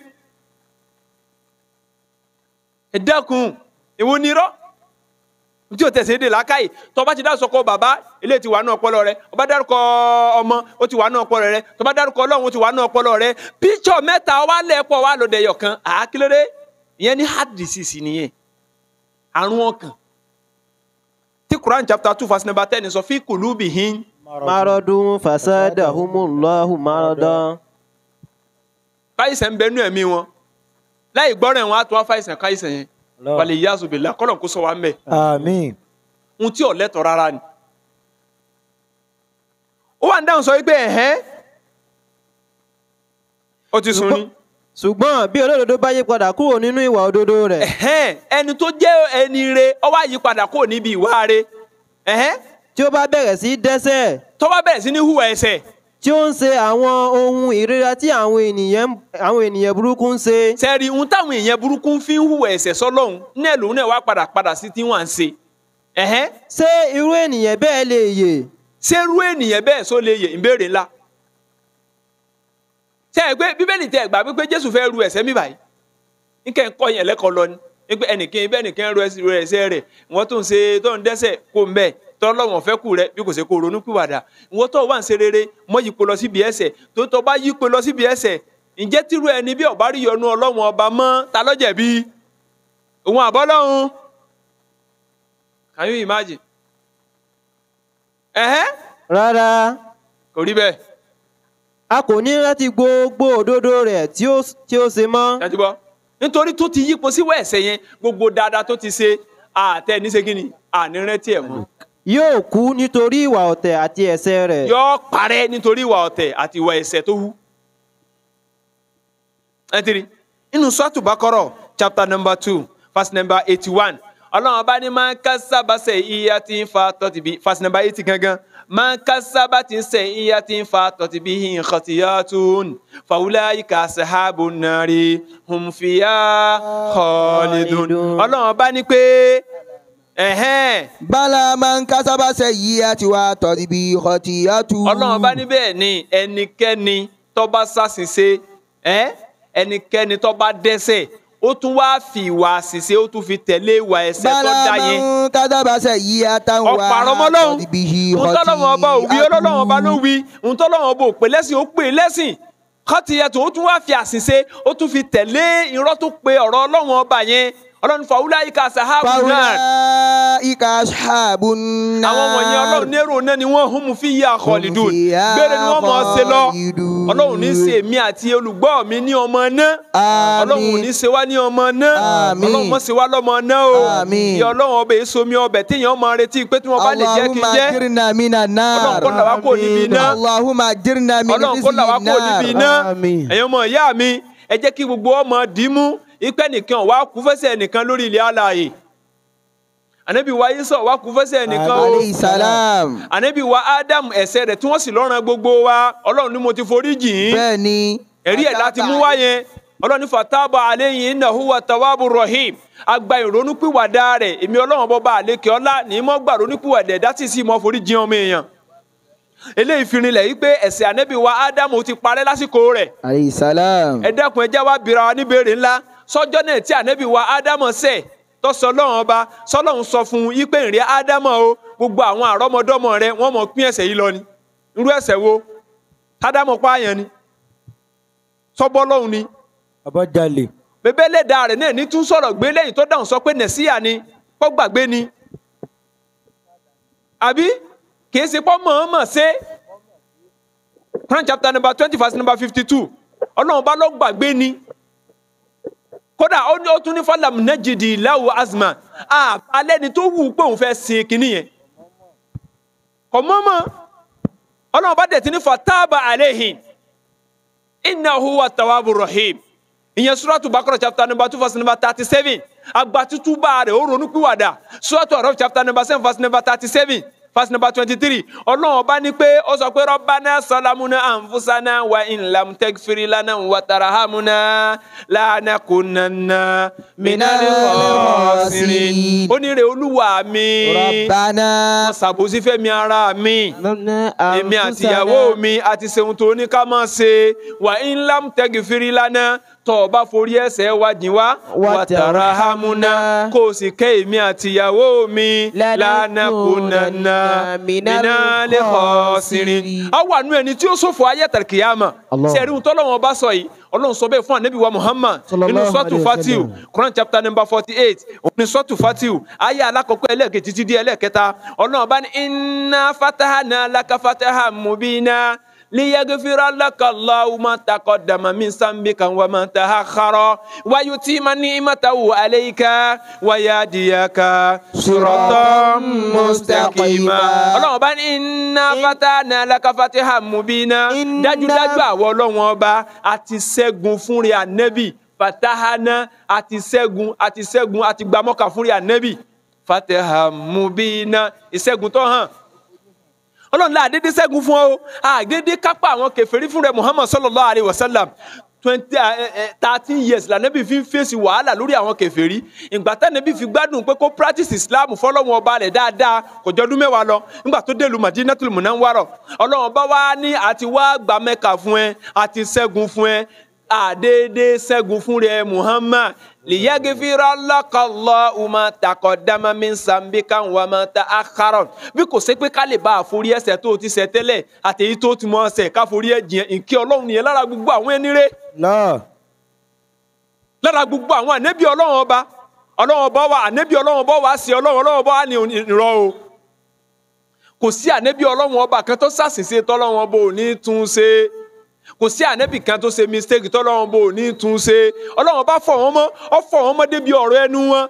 ẹ dẹ́kun ìwọ ni irọ́ tí o tẹ̀sẹ̀ de làákàyè tó bá ti dá sọkọ bàbá ilé ti wà náà ọpọlọ rẹ ó bá dárúkọ ọmọ ó ti wà náà ọpọlọ rẹ tó bá dárúkọ ọlọ́run ó ti wà náà ọpọlọ rẹ píṣọ mẹ́ta wà lẹ́pọ̀ wà lóde yọ̀kan àákílódé ìyẹn ní heart disease nìyẹn àrùn ọkàn tí Quran chapter two verse number ten sọ fi kulubihin. marodun fasadahumullahu humulahu fàìsàn ń bẹnu ẹ̀mí wọn láì gbọ́ràn wọn á tún wá fàìsàn yẹn wàlẹ̀ yazubila kọ́lọ̀ kó sọ wa mẹ́. àmín. ohun tí ò lẹ́tọ̀ rárá ni. ó wà ń dáhùn sọ wípé ẹ̀hẹ́ ó ti sun ni. ṣùgbọ́n bí olódodo bá yí padà kúrò nínú ìwà òdodo rẹ̀. ẹni tó jẹ́ ẹni re ó wá yí padà kúrò níbi ìwà re. tí ó bá bẹ̀rẹ̀ sí dẹ́sẹ̀. tó bá bẹ̀rẹ̀ sí ní hùwà ẹsẹ̀. tí ó ń ṣe àwọn ohun ìríra tí àwọn ènìyàn àwọn ènìyàn burúkú ń ṣe. sẹ́ẹ̀rì ohun táwọn èèyàn burúkú fi ń hùwà ẹ̀ṣẹ̀ sọ́lọ́hún náà lòun náà wá padà padà sí tí wọ́n ń ṣe. ṣé irú ènìyàn bẹ́ẹ̀ lè yè. ṣé irú ènìyàn bẹ́ẹ̀ sọ lè yè ìbéèrè ńlá. ṣé ẹ pé bíbélì tẹ gbà pé jésù fẹ́ ru ẹ̀ṣẹ̀ mi báyìí nkẹ́ ń kọ́ yẹn lẹ́kọ̀ọ́ lọ ni pé ẹnìkan ẹnìkan ru ẹ̀ṣẹ̀ rẹ̀ wọ́n tó ń ṣe tó tọ́lọ́wọ̀n fẹ́ kù rẹ bí kò ṣe kó ronú pìwàdà ìwọ tó wà ń ṣe rere mọ́ yípo lọ síbi ẹ̀ṣẹ̀ tó tọ́ bá yípo lọ síbi ẹ̀ṣẹ̀ ǹjẹ́ tírú ẹni bí ọ̀bá rí yọnu ọlọ́wọ̀n ọba mọ́ ta ló jẹ̀bi òun àbọ́lọ́hun can you imagine? ẹ̀hẹ́. rárá. kò rí bẹ́ẹ̀. a kò ní láti gbogbo òdodo rẹ̀ tí ó ṣe mọ́. dájú bọ́ nítorí tó ti yípo síwọ́ ẹ̀ṣẹ̀ yẹn gbogbo dáadáa tó ti ṣe àtẹ níṣe kí ni ànírẹ́tì ẹ̀ mọ́ yóò kú nítorí ìwà ọ̀tẹ̀ àti ẹ̀ṣẹ̀ rẹ̀. yóò parẹ́ nítorí ìwà ọ̀tẹ̀ àti ìwà ẹ̀ṣẹ̀ tó hù. ẹ ti rí inú sọ́ọ̀tù bákọ́rọ̀ chapter number two verse number eighty-one ọlọ́run ọba ní máa ń ká sábà sẹ̀ iye tí ń fa tọ́tì bí verse number eighty gangan máa ń ká sábà tí ń sẹ̀ iye tí ń fa tọ́tì bí nǹkan ti yá tún fàwùlà ìka sàhábù nàrí dùn ọlọ́run ọba ní pé bala máa ń kásábà ṣe yí àti wá tọ́ni bí ọtí àtú. ọlọ́run bá níbẹ̀ ni ẹnikẹ́ni tó bá ṣàṣìṣe ẹnikẹ́ni tó bá dẹ́ṣẹ̀ ó tún wá fi ìwà àṣìṣe ó tún fi tẹ̀lé ìwà ẹ̀ṣẹ̀ tó dá yẹn. bala máa ń kásábà ṣe yí àtàwọn wá tọ́ni bí ọtí àtú. ntọ́lọ́wọ́n ọba òwí ọlọ́lọ́wọ́n ọba ló wí ntọ́lọ́wọ́n ọba òpè lẹ́sìn ó pè lẹ́sìn kọ́tìyẹ̀tù ó tún wá fi àṣìṣe ó tún fi tẹ̀lé irọ́ ọlọ́run fa ulaika sahabun nar. ulaika sahabun nar. àwọn wọ̀nyí ọlọ́run nérò náà ni wọ́n hum fiya khalidun. bẹ́ẹ̀ ni wọ́n mọ̀ ọ́ ṣe lọ. ọlọ́run ní ṣe èmi àti olùgbọ́ mi ní ọmọ náà. ọlọ́run ní ṣe wá ní ọmọ náà. ọlọ́run mọ̀ ṣe wá lọ́mọ náà o. ìyá ọlọ́run ọbẹ̀ èso mi ọbẹ̀ téèyàn máa retí pé tí wọ́n bá lè jẹ́ kí jẹ́. ọlọ́run kó ẹ jẹ́ kí gbogbo ọmọ dìímú ipe nìkan wá kú fẹsẹ̀ nìkan lórí ilẹ̀ alààyè anabi wa yisọ wá kú fẹsẹ̀ nìkan o anabi wa adam ẹ̀ṣẹ̀ rẹ̀ tí wọ́n sì lọ́ràn gbogbo wa Ọlọ́run ni mo ti forí jìn ín ẹ̀rí ẹ láti mú wá yẹn ọlọ́ni fataba aleyhi inna huwa tawabu rahim agba ìrònúpìwàdà rẹ̀ èmi ọlọ́run bọba àlekè ọlá ní mọ́ gbà ronúpìwàdà ẹ̀dá sì sí mọ́ forí jìn ọmọ èèyàn eléyìí fi rinlẹ̀ yìí pé ẹ̀ṣẹ̀ ànẹ́bí wa Adam ti parẹ́ lásìkò rẹ̀. alayhi salam. ẹ dẹ́kun ẹjẹ́ wa bira wa níbèrè ńlá sọ́jọ́ náà tí ànábì wa ádámọ ṣẹ̀ tó sọ lọ́run ọba sọ́lọ́run sọ fún un ipe ìrẹ́ ádámọ o gbogbo àwọn àrọ́mọdọ́mọ rẹ wọ́n mọ̀ pín ẹ̀ṣẹ̀ yìí lọ ni irú ẹ̀ṣẹ̀ wo ádámọ pààyàn ni sọ́bọ́ lọ́hùn ni. àbájáde. bẹ́bẹ́ lẹ́dà rẹ̀ náà ní tún sọ̀rọ̀ gbé lẹ́yìn tó dáhùn sọ pé nẹ̀síyà ni pọ́ gbàgbé ni àbí kì í ṣe pọ́ mọ̀ọ́mọ̀ ṣe Quran chapter number twenty verse number fifty two ọlọ́run bá ló gbàgbé ni kódà ó ní ó tún ní fọlá mùnẹ́jìdì láwù azma àbálẹ́ ni tó wù ú pé òun fẹ́ ṣe kinní yẹn kò mọ́mọ́ ọlọ́run bá dẹ̀ ní fataba alehin inna huwa tawabu rahim ìyẹn suratu bakara chapter number two verse number thirty seven agbatutuba rẹ̀ ó ronú pìwàdà suratu araf chapter number seven verse number thirty seven verse number twenty three ọlọ́run ọba ní pé ó sọ pé rọ́bánà sọlámúná àǹfùsánà wà ìlàm tẹ́kfìrí lánà wà tàràhàmúná lánà kò nànà mìíràn ọ̀sìnrìn. ó ní rè olúwa mi rọ́bánà ṣàbòsí fẹ́mi ara mi èmi àtìyàwó mi àti ṣeun tó ní ká máa ṣe wà ìlàm tẹ́kfìrí tọ́ ọ bá forí ẹ̀ṣẹ̀ wa jìn wá. wà tàrà hamuna kó sì kẹ́ èmi àtìyàwó mi lánàkúnànà mìnà lè kọ́ sirin. a wà ẹni tí ó ṣòfò ayé tàkìyàmà sẹ́rí ń tọ́lọ́wọ́n bá sọ yìí ọlọ́run sọ bẹ́ẹ̀ fún ànábì muhammad nínú sọ́ọ̀tù fatiu quran chapter number forty eight òní sọ́ọ̀tù fatiu ayé alákọ̀ọ́kọ́ ẹlẹ́ẹ̀kejì títí di ẹlẹ́ẹ̀kẹta ọlọ́run bá ní inna fatahana laka fataha mubina. ليغفر لك الله ما تقدم من ذنبك وما تأخر ويتم نعمته عليك ويهديك صراطا مستقيما Ọlọ́run ọba ní iná fatahna laka fatahan mubina dájúdájú àwọn Ọlọ́run ọba àti ṣẹ́gun fúnri ànẹ́bì fatahana àti ṣẹ́gun àti ṣẹ́gun àti gbàmọ́kà fúnri ànẹ́bì fatahan mubina ọlọ́run la àdédé ṣẹ́gun fún ọ àdédé kápá àwọn kèfèrí fún rẹ Muhammad sallallahu alayhi wa twenty eh, eh, eh, thirteen years lànàbí fi ń fèsì wàhálà lórí àwọn kèfèrí ìgbà tànàbí fi gbádùn pé kó practice Islam fọlọ́wọ́n ọba rẹ̀ dáadáa kò jọdún mẹ́wàá lọ nígbà tó délùú Madinatul Munawwara ọlọ́run bá wá ní àti wá gbà Mẹ́kà fún ẹ àti ṣẹ́gun fún ẹ àdéédé ṣẹ́gun fúnrẹ́ Muhammad lìyàgẹ́fìrà lọ́kọ̀lọ́ ọmọ takọ̀dámà mi ń sàmbí káwọn ọmọ ta àkàrọ̀ bí kò ṣe pé ká lè bá àforí ẹ̀ṣẹ̀ tó ti ṣẹ̀ tẹ́lẹ̀ àtẹ̀yí tó ti mọ ọ̀ṣẹ̀ káforí ẹ̀ jìn ìkí ọlọ́run nìyẹn lára gbogbo àwọn ẹni rẹ̀. lára gbogbo àwọn ànẹ́bí ọlọ́run ọba ọlọ́run ọba wa ànẹ́bí ọlọ́run ọba wa sí ọlọ́run ọlọ́run ọba wa ìrọ̀ o kò sí ànẹ́bí ọlọ́run ọba kan tó sàṣìṣe tọ́lọ́run ọba ò ní tún ṣe kò sí ànẹ́bì kan tó ṣe mistake tọ́lọ́run bò ní tún ṣe ọlọ́run bá fọ̀ wọ́n mọ́ ọ fọ̀ wọ́n mọ́ débi ọ̀rọ̀ ẹnu wọn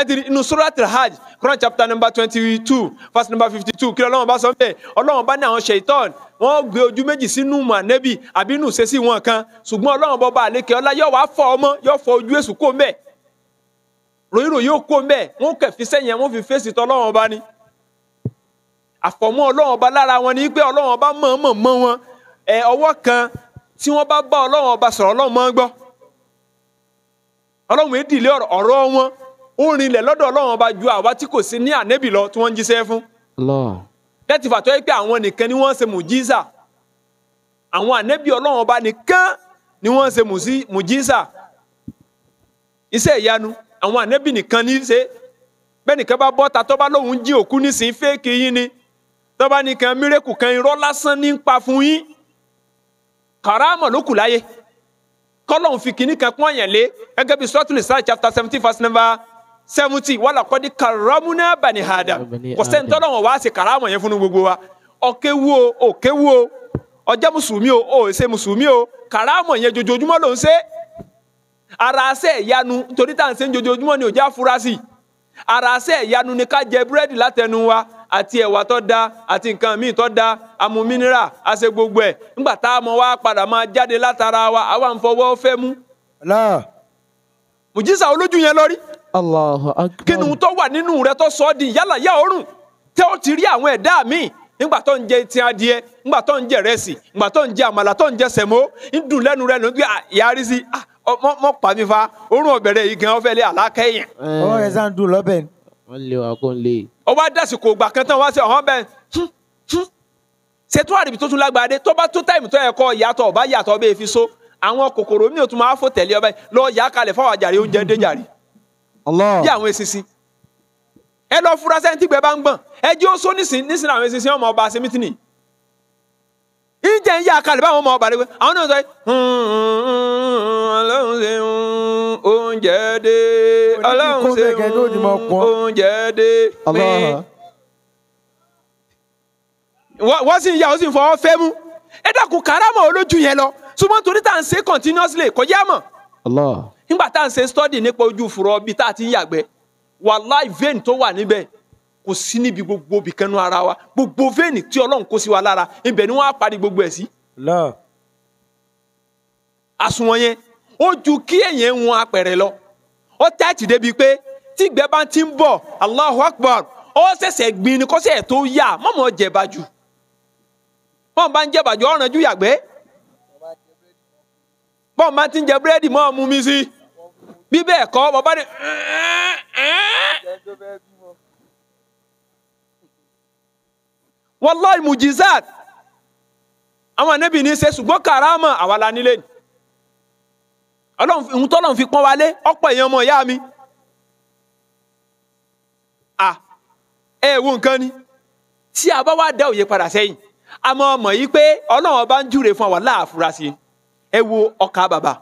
ẹtìrì inú surat al Quran chapter number twenty two verse number fifty two kí ọlọ́run bá sọ bẹ́ẹ̀ ọlọ́run bá ní àwọn ṣèitán wọ́n gbé ojú méjì sínú mọ̀nẹ́bì àbí inú ṣe sí wọn kan ṣùgbọ́n ọlọ́run bọ́ bá àlékè ọlá yóò wá fọ ọmọ yóò fọ ojú èṣù kó mbẹ́ ròyìnròyìn ó kó mbẹ́ wọ́n kẹ̀ fi sẹ́yìn wọ́n fi fèsì tọ́ ọlọ́run bá ní àfọ̀mọ́ ọlọ́run bá lára wọn ni pé ọlọ́run bá mọ̀ọ́mọ̀ mọ́ wọn ẹ ọwọ́ kan tí wọ́n bá bá ọlọ́run ọba sọ̀rọ̀ ọlọ́run máa ń gbọ́ ọlọ́run èdìlé ọ̀rọ̀ wọn ó rinlẹ̀ lọ́dọ̀ ọlọ́run ọba ju àwa tí kò sí ní ànẹ́bì lọ tí wọ́n ń jíṣẹ́ fún. láti fàtọ́ yẹ pé àwọn nìkan ni wọ́n ń ṣe mùjísà àwọn ànẹ́bì ọlọ́run ọba nìkan ni wọ́n ń ṣe mùjísà iṣẹ́ ìyanu àwọn ànẹ́bì nìkan ní í ṣe bẹ́ẹ̀ nìkan bá bọ́ta tó bá lóun jí òkú nísìnyí fẹ́ẹ̀kì yín ni tó nìkan mírèkù kan irọ́ lásán ní ń pa fún yín karama ló kù láyé kọ́lọ́n fi kínní kan pọ́n yẹn lé gẹ́gẹ́ bí sọ́tùlì sáà chapter seventeen verse number seventy wàlà kọ́dí karamuna bani adam kò sẹ́ńtọ́ lọ́wọ́ wá sí karama yẹn fún gbogbo wa ọ̀kẹ́ wo òkè wo ọjọ́ mùsùlùmí o ò ṣe mùsùlùmí o karama yẹn jojoojúmọ́ ló ń ṣe ara ṣe ìyanu torí tá à ń ṣe jojoojúmọ́ ni ò já furasí ara ṣe ìyanu ni ká jẹ búrẹ́dì látẹnu wa àti ẹwa tó da àti nǹkan míì tó da amú mínírà a gbogbo ẹ, nígbà tá a mọ̀ wá padà máa jáde látara wa àwa ń fọwọ́ fẹ́ mú. mùjísà olójú yẹn kí ni tó di yálà yá ti rí àwọn ẹ̀dá míì nígbà tó ń jẹ ti adìẹ nígbà tó ń jẹ rẹsì nígbà tó ń jẹ àmàlà tó ń jẹ mọ mọ fa ọbẹrẹ yìí gan ń dùn wa kó ọ wá dásìkò ògbà kan tán wá sí ọ̀hán bẹ́ẹ̀ ṣètò àdìbí tó tún lágbàdé tó bá tó táìmù tó yẹ kọ ọba yàtọ̀ bẹ́ẹ̀ fi so àwọn kòkòrò mi ò tún máa fò tẹ̀lé ọba lọ yà kalẹ̀ fáwọn àjàre oúnjẹ dé jàre bí àwọn eṣinṣin ẹ lọ fura sẹ́ńtì gbẹ bá ń gbọ̀n ẹ jẹ́ ó sọ nísìn nísìn àwọn eṣinṣin ọmọ ọba ṣe mítìnì ìjẹ́ ń yá kalẹ̀ báwọn ọmọ ọba rẹ̀ pé àwọn náà sọ yìí hmm, ọlọ́run ṣe oúnjẹ dé ọlọ́run ṣe oúnjẹ dé pé wọ́n sì ń yá wọ́n sì ń fọwọ́ fẹ́ mú ẹ dákun karama olójú yẹn lọ súnmọ́ torí tá à ń ṣe continuously kò yá mọ̀ nígbà tá à ń ṣe study nípa ojú fúrọ́ bíi tá à ti ń yàgbẹ́ wàláì vein tó wà níbẹ̀ kò sí níbi gbogbo bìkan nu ara wa gbogbo vein tí ọlọ́run kó sí wa lára ibẹ̀ ni wọ́n á parí gbogbo ẹ̀ sí. àsùnwọ̀n yẹn ó ju kí èèyàn wọn apẹ̀rẹ̀ lọ ó tẹ́tì débi pé tí ìgbẹ́ bá ti ń bọ̀ Allahu Akbar ó ṣẹ̀ṣẹ̀ gbin ni kọ́sẹ̀ tó yà mọ́mọ́ jẹ̀bà jù bọ́n bá ń jẹ̀bà jù ọ̀ràn jù yàgbẹ́ bọ́n bá ti ń jẹ búrẹ́dì mọ́ ọmú mi sí bí bẹ́ẹ̀ kọ́ bọ́ wallahi mujizat àwọn ànábì ní í ṣe ṣùgbọ́n karama àwa la nílé ni ọlọ́run ohun tọ́lọ́run fi pọ́n wa lé ọ̀pọ̀ èèyàn ọmọ ìyá mi à ẹ wo nǹkan ni tí a bá wá dá òye padà sẹ́yìn a mọ̀ ọmọ yìí pé ọlọ́run ọba ń júre fún wa láàfúrásì ẹ wo ọkà bàbà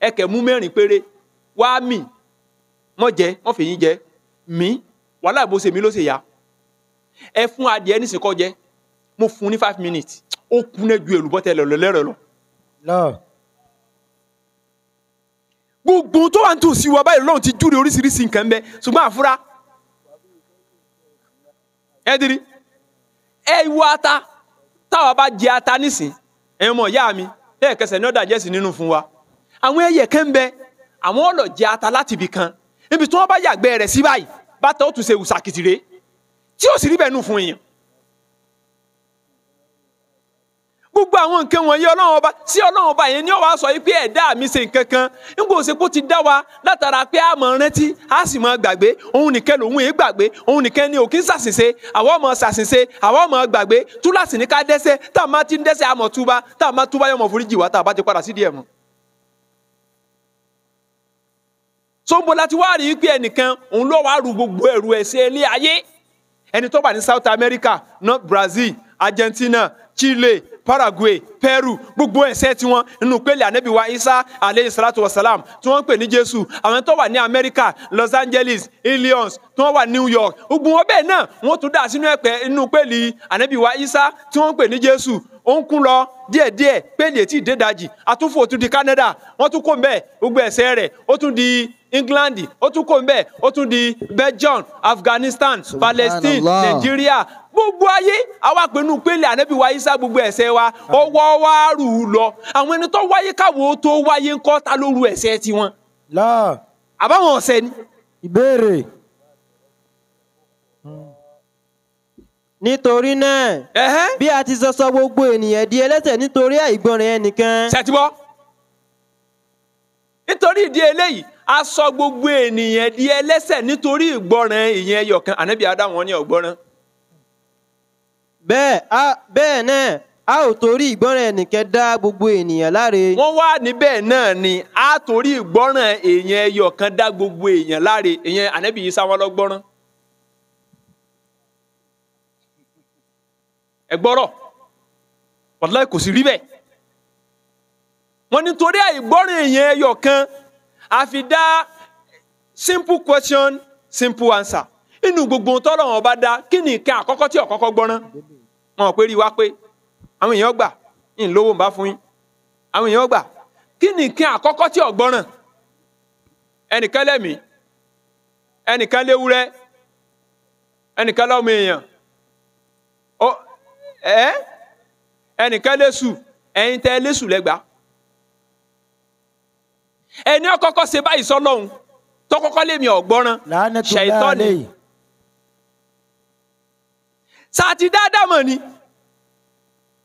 ẹ kẹ̀ mú mẹ́rin péré wá mì mọ̀ jẹ́ mọ̀ fèyí jẹ́ mí wàhálà bó ṣe ló ṣe yá ẹ fún adìẹ nísìnyí kó jẹ mo fún ní five minutes ó kúnná ju èlùbọ́tẹ lọ lẹ́rọ lọ. gbogbo tó wà ń tò sí wa báyìí lọ́run ti júre oríṣiríṣi nǹkan bẹ́ẹ̀ ṣùgbọ́n àfúrá ẹ dirí ẹ wọ ata táwa bá jẹ ata nísìn ẹ mọ ìyá mi bẹ́ẹ̀ kẹsẹ̀ ní ọ̀dà jẹ́sìn nínú fún wa àwọn ẹyẹ kẹ́ ń bẹ àwọn ọlọ̀ jẹ ata láti ibì kan ibi tí wọ́n bá yàgbẹ́ rẹ̀ sí báyìí bàtà ó tún ṣe wùsàkìtì rèé tí ó sì rí bẹ́ẹ̀ nù fún yín gbogbo àwọn nǹkan wọ̀nyí ọlọ́run ọba sí ọlọ́run ọba yẹn ni ó wá sọ yìí pé ẹ̀dá mi ṣe nǹkan kan n kò ṣe kó ti dá wa látara pé a máa rántí a sì máa gbàgbé òun nìkan lòun èé gbàgbé òun nìkan ni òkín ṣàṣìṣe àwa máa ṣàṣìṣe àwa máa gbàgbé túláàsì ní ká dẹ́sẹ̀ tá a máa ti ń dẹ́sẹ̀ àmọ́ túbá tá a máa túbá yọmọ foríjì wá tá a bá ti padà sí díẹ̀ mọ́. sọ́ńbó láti wá rí i pé ẹnìkan òun ló wá ru gbogbo ẹ̀rù ẹ̀ṣẹ̀ ilé ayé ẹni tó wà ní South America north Brazil Argentina Chile Paraguay Peru gbogbo ẹsẹ tiwọn nínú pẹlẹ anabi wa Isa aleyhi salatu wa salam tí wọn ń pè ní Jésù àwọn tó wà ní America Los Angeles Illinois tí wọn wà New York gbogbo wọn bẹ́ẹ̀ náà wọn tún dà sínú ẹpẹ nínú pẹlẹ anabi wa Isa tí wọn ń pè ní Jésù ó ń kún lọ díẹ̀díẹ̀ pẹlẹ tí ì dé dajì àtúnfò tún di Canada wọn tún kó mbẹ gbogbo ẹsẹ rẹ ó tún di england ó tún kò ń bẹ̀ ó tún di belgium afghanistan palestine nigeria gbogbo ayé àwa pinnu pélé ànábì wa isa gbogbo ẹ̀ṣẹ̀ wa ọwọ́ wa rù ú lọ àwọn ẹni tó wáyé káwo tó wáyé ńkọ́ ta ló ru tiwọn. àbáwọn ọ̀sẹ̀ ni. ìbéèrè. nítorí náà bí a ti sọsọ gbogbo ènìyàn di ẹlẹ́ṣẹ̀ nítorí àìgbọràn ẹnìkan. ṣètìbọ́ nítorí ìdí eléyìí a sọ gbogbo ènìyàn di ẹlẹ́ṣẹ̀ nítorí ìgbọràn ìyẹn ẹyọ̀kan ànábì Ádámù wọn ní ọgbọràn. bẹ́ẹ̀ a bẹ́ẹ̀ náà a ò torí ìgbọràn ẹnìkan dá gbogbo ènìyàn láre. wọ́n wá níbẹ̀ náà ni a torí ìgbọràn èèyàn ẹyọ̀kan dá gbogbo èèyàn láre ìyẹn ànábì Ìsá wọn ló gbọ́ràn. ẹ gbọ́rọ̀ wàláì kò sí rí bẹ́ẹ̀ wọ́n nítorí àìgbọràn èèyàn ẹyọ̀kan a fi dá simple question simple answer inú gbogbo tọ́lọ̀ wọn bá dá kí ni nǹkan àkọ́kọ́ tí ọ̀kọ́kọ́ gbọ́rán wọn ò pé rí wa pé àwọn èèyàn gbà ń lówó ń bá fún yín àwọn èèyàn gbà kí ni nǹkan àkọ́kọ́ tí ọ̀gbọ́ràn ẹnìkan lẹ́mìí ẹnìkan léwúrẹ́ ẹnìkan lọ́mọ èèyàn ẹnìkan lẹ́sù ẹ̀yin tẹ́ lẹ́sù lẹ́gbàá ẹni ọkọ̀kọ́ ṣe báyìí sọ́lọ́hún tó kọ́kọ́ lèmi ọ̀gbọ́ràn ṣàìtọ́ni sàti dáadáa mọ̀ ni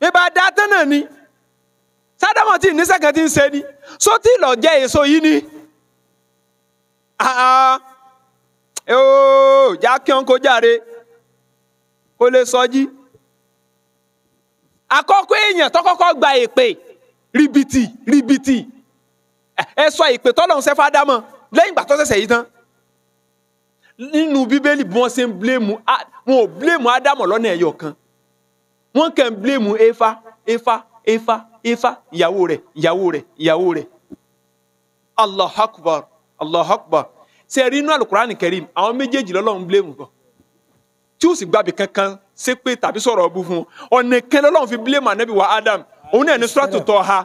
bébà dáadáa náà ni sádámọ̀ tí ìníṣẹ́ kan ti ń ṣe ni sótì lọ jẹ́ èso yìí ni ooo já kí wọn kó járe kó lè sọjí àkọ́kọ́ èèyàn tó kọ́kọ́ gba èpè rìbìtì rìbìtì ẹ sọ ìpè tọ́lọ́run ṣe fádámọ̀ lẹ́yìn ìgbà tó ṣẹ̀ṣẹ̀ yìí tán nínú bíbélì bí wọ́n ṣe ń bléèmù wọn ò bléèmù ádámọ̀ lọ́nà ẹ̀yọ̀ kan wọ́n kàn ń bléèmù éfá éfá éfá éfá ìyàwó rẹ̀ ìyàwó rẹ̀ ìyàwó rẹ̀ allah akbar allah akbar ṣe rí inú alukurani kẹrim àwọn méjèèjì lọ́lọ́run bléèmù bọ̀ tí ó sì gbàbí kankan ṣépè tàbí sọ̀rọ̀ ọbú fún wọn ọ̀nà kẹlẹ́ lọ́lọ́run fi bléèmù ànábì wa adam òun náà ní sọ́tò tọ́ ha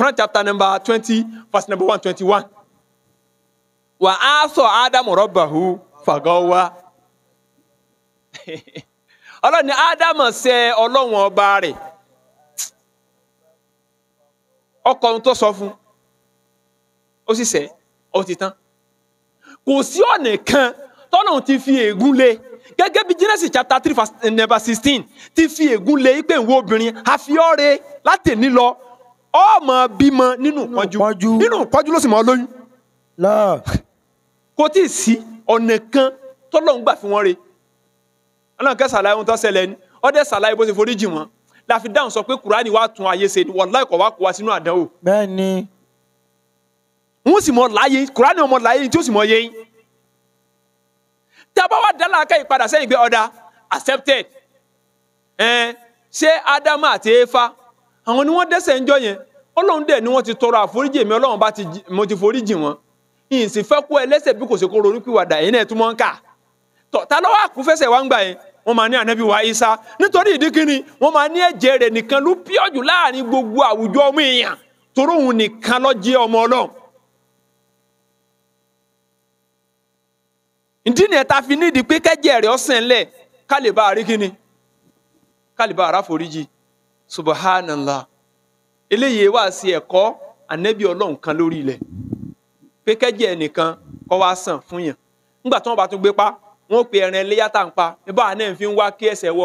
Quran chapter number 20, verse number 121. Wa aso Adamu rabbahu fagawa. Allah ni Adam ṣe Ọlọ́run ọba rẹ̀. Ọkọ ohun tó sọ fún. Ó sì ṣe, ó ti tán. Kò sí ọ̀nà kan ti fi ègún gẹ́gẹ́ bí Genesis chapter three verse eh, number sixteen ti fi ègún lé ipe ìwo obìnrin àfi ọ̀rẹ́ látẹ̀ní lọ ọmọ bímọ nínú ìpọ́njú nínú ìpọ́njú ló sì mọ́ lóyún. kò tí ì sí ọ̀nà kan tọ́lọ́hún gbà fi wọ́n re ọlọ́run kẹ́ sàlàyé ohun tó ṣẹlẹ̀ ni ọdẹ sàlàyé bó ṣe forí jì wọ́n la fi dáhùn sọ pé kùránì wàá tún ayé ṣe ni wàláì kọ̀ wá kó wa sínú àdánwò. bẹ́ẹ̀ni. wọ́n sì mọ láàyè kùránì ọmọ láàyè tí ó sì mọ yé yín. tí a bá wá dá làákà yìí padà sẹ́yìn pé ọ̀dà accepted. ṣé ádámù àti éfà àwọn ni wọ́n dẹ́ṣẹ̀ ń jọ yẹn ọlọ́run dẹ̀ ni wọ́n ti tọrọ àforíjì èmi ọlọ́run bá ti mo ti foríjì wọn ìyìn sì fẹ́ kú ẹlẹ́ṣẹ̀ bí kò ṣe kó ronú pìwàdà yìí náà tún mọ́ ń kà tọ́ ta lọ́wọ́ àkúfẹ́sẹ̀ wá ń gbà yẹn wọ́n máa ní ànábì wa Ìsá nítorí ìdí kínní wọ́n máa ní ẹ̀jẹ̀ rẹ̀ nìkan ló píọ̀jù láàrin gbogbo àwùjọ ọmọ èèyàn torí òun nìkan ló jẹ́ ọmọ ọlọ́run ìdí nìyẹn ta fi nídìí pé kẹ́jẹ̀ rẹ̀ ọ̀sẹ̀ ńlẹ̀ ká lè bá a rí kínní ká lè bá a ráforíjì subhanallah eléyìí wá sí ẹ̀kọ́ ànábì ọlọ́run kan lórí ilẹ̀ pé ẹnìkan kọ́ wá sàn fún yàn nígbà tí bá tún gbé pa pe pa náà ń fi wá kí ẹsẹ wọ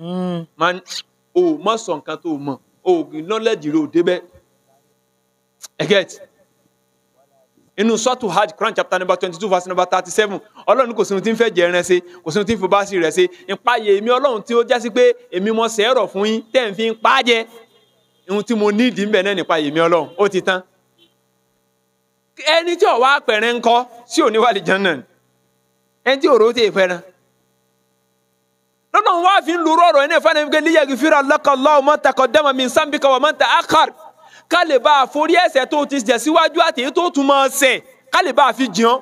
hmm. o mọ̀ sọ nǹkan tó o knowledge rò débẹ̀ inú sọ́ọ̀tù hajj Quran chapter number twenty two verse number thirty seven ọlọ́run kò sínú tí ń fẹ́ jẹ ẹran ṣe kò sínú tí ń fọba sí rẹ̀ ṣe ìpayà èmi ọlọ́run tí ó jásí pé èmi mọ sẹ́rọ̀ fún yín tẹ́ ń fi ń pa á jẹ ohun tí mo ní ìdí ń bẹ̀ náà nípa èmi ọlọ́run ó ti tán. ẹni tí ọ̀wá apẹ̀rẹ̀ ń kọ́ sí òní wà lè jẹun náà ẹni tí òró tẹ̀ fẹ́ràn. lọ́nà wọn wá fi ń lu rọ̀rọ̀ ẹni ìfẹ́ ká lè bá a forí ẹ̀ṣẹ̀ tó ti jẹ̀ síwájú àtẹ̀yẹ tó tún máa ṣẹ̀ ká lè bá a fi jìn án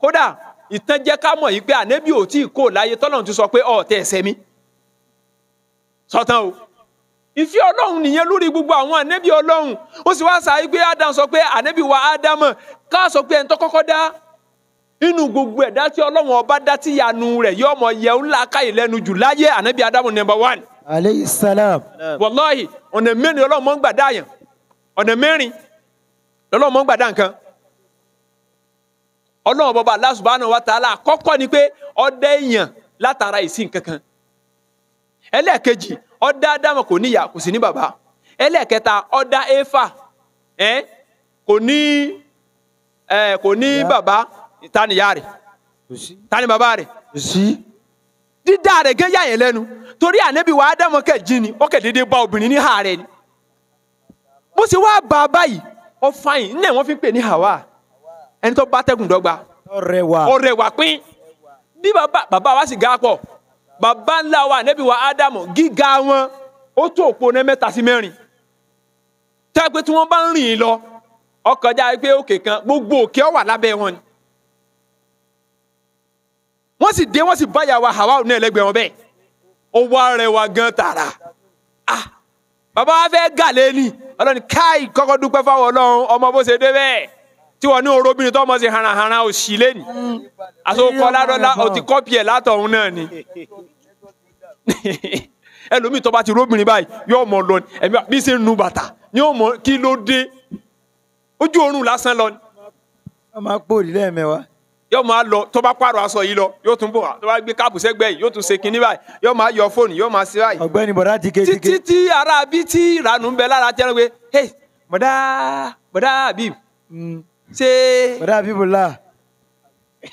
kódà ìtàn jẹ́ ká mọ̀ yìí pé ànẹ́bí ò tí ì kó láyé tọ́lọ́run ti sọ pé ọ̀ tẹ̀ ẹ̀ṣẹ̀ mi sọtán o ìfẹ́ ọlọ́run nìyẹn lórí gbogbo àwọn ànẹ́bí ọlọ́run ó sì wá sàáyé pé Adam sọ pé ànẹ́bí wa Adam ká sọ pé ẹni tó kọ́kọ́ dá inú gbogbo ẹ̀dá tí ọlọ́run ọba dá tí ìyanu rẹ̀ yọ ọmọ yẹ ńlá káyè lẹ́nu jù láyé ànẹ́bí Adam number one. aleyhi salam. wàláhì ọ̀nà mẹ́rin ọlọ́run mọ́ ń gbà dáyàn ọ̀nà mẹ́rin lọ́lọ́mọ gbàdá nǹkan ọlọ́run bọba Allah wa ta'ala àkọ́kọ́ ni pé ọdẹ èèyàn látara ìsìn kankan ẹlẹ́ẹ̀kejì ọdẹ kò níyà kò ní bàbá ẹlẹ́ẹ̀kẹta ọdẹ efa ẹ kò ní kò ní bàbá ta rẹ̀ bàbá rẹ̀ dídá rẹ̀ gẹ́yà yẹn lẹ́nu torí wa jí ni ó bá bó ṣe wá bá a báyìí ọfàyìn ní ẹ̀ wọ́n fi ń pè ní Hawa ẹni tó bá tẹ́gùn dọ́gba ọ̀rẹ́ wà pín bí bàbá bàbá wa sì ga pọ̀ bàbá ńlá wa ànẹ́bí wa Ádámù gíga wọn ó tó òpó ní mẹ́ta sí mẹ́rin tẹ́ pé tí wọ́n bá ń rìn lọ ọkọjá pé òkè kan gbogbo òkè ó wà lábẹ́ wọn ni wọ́n sì dé wọ́n sì báyà wa Hawa ní ẹlẹ́gbẹ̀ẹ́ wọn bẹ́ẹ̀ ó wá rẹwà gan tààrà ah bàbá wa fẹ́ gà lẹ́ni ọlọ́ni káì kọ́kọ́ dúpẹ́ fáwọn ọlọ́run ọmọ bó ṣe dé bẹ́ẹ̀ tí wọn ní orobìnrin tọmọ sí haranharan òsì lẹ́ni àsokọ ládọ́lá ọtí kọ́pì ẹ̀ látọ̀hún náà ni ẹlòmíì tó bá ti róbìnrin báyìí yóò mọ lọ ẹ̀mí bí ṣe nu bàtà ni yóò mọ kí ló dé ojú oorun lásán lọ ni. ọmọ apò òrìlẹ̀ mẹ́wàá yóò máa lọ tó bá pààrọ̀ aṣọ yìí lọ yóò tún bọ̀ wá tó bá gbé káàpù sẹ́gbẹ́ yìí yóò tún ṣe kinní báyìí yóò máa yọ fóònù yóò máa ṣe báyìí. ọ̀gbẹ́ni bọdá ti ké tike. títí ara bí tí ìranù ń bẹ lára tẹnu pé hey bọdá bọdá Habib mm. ṣe. bọdá Habib la.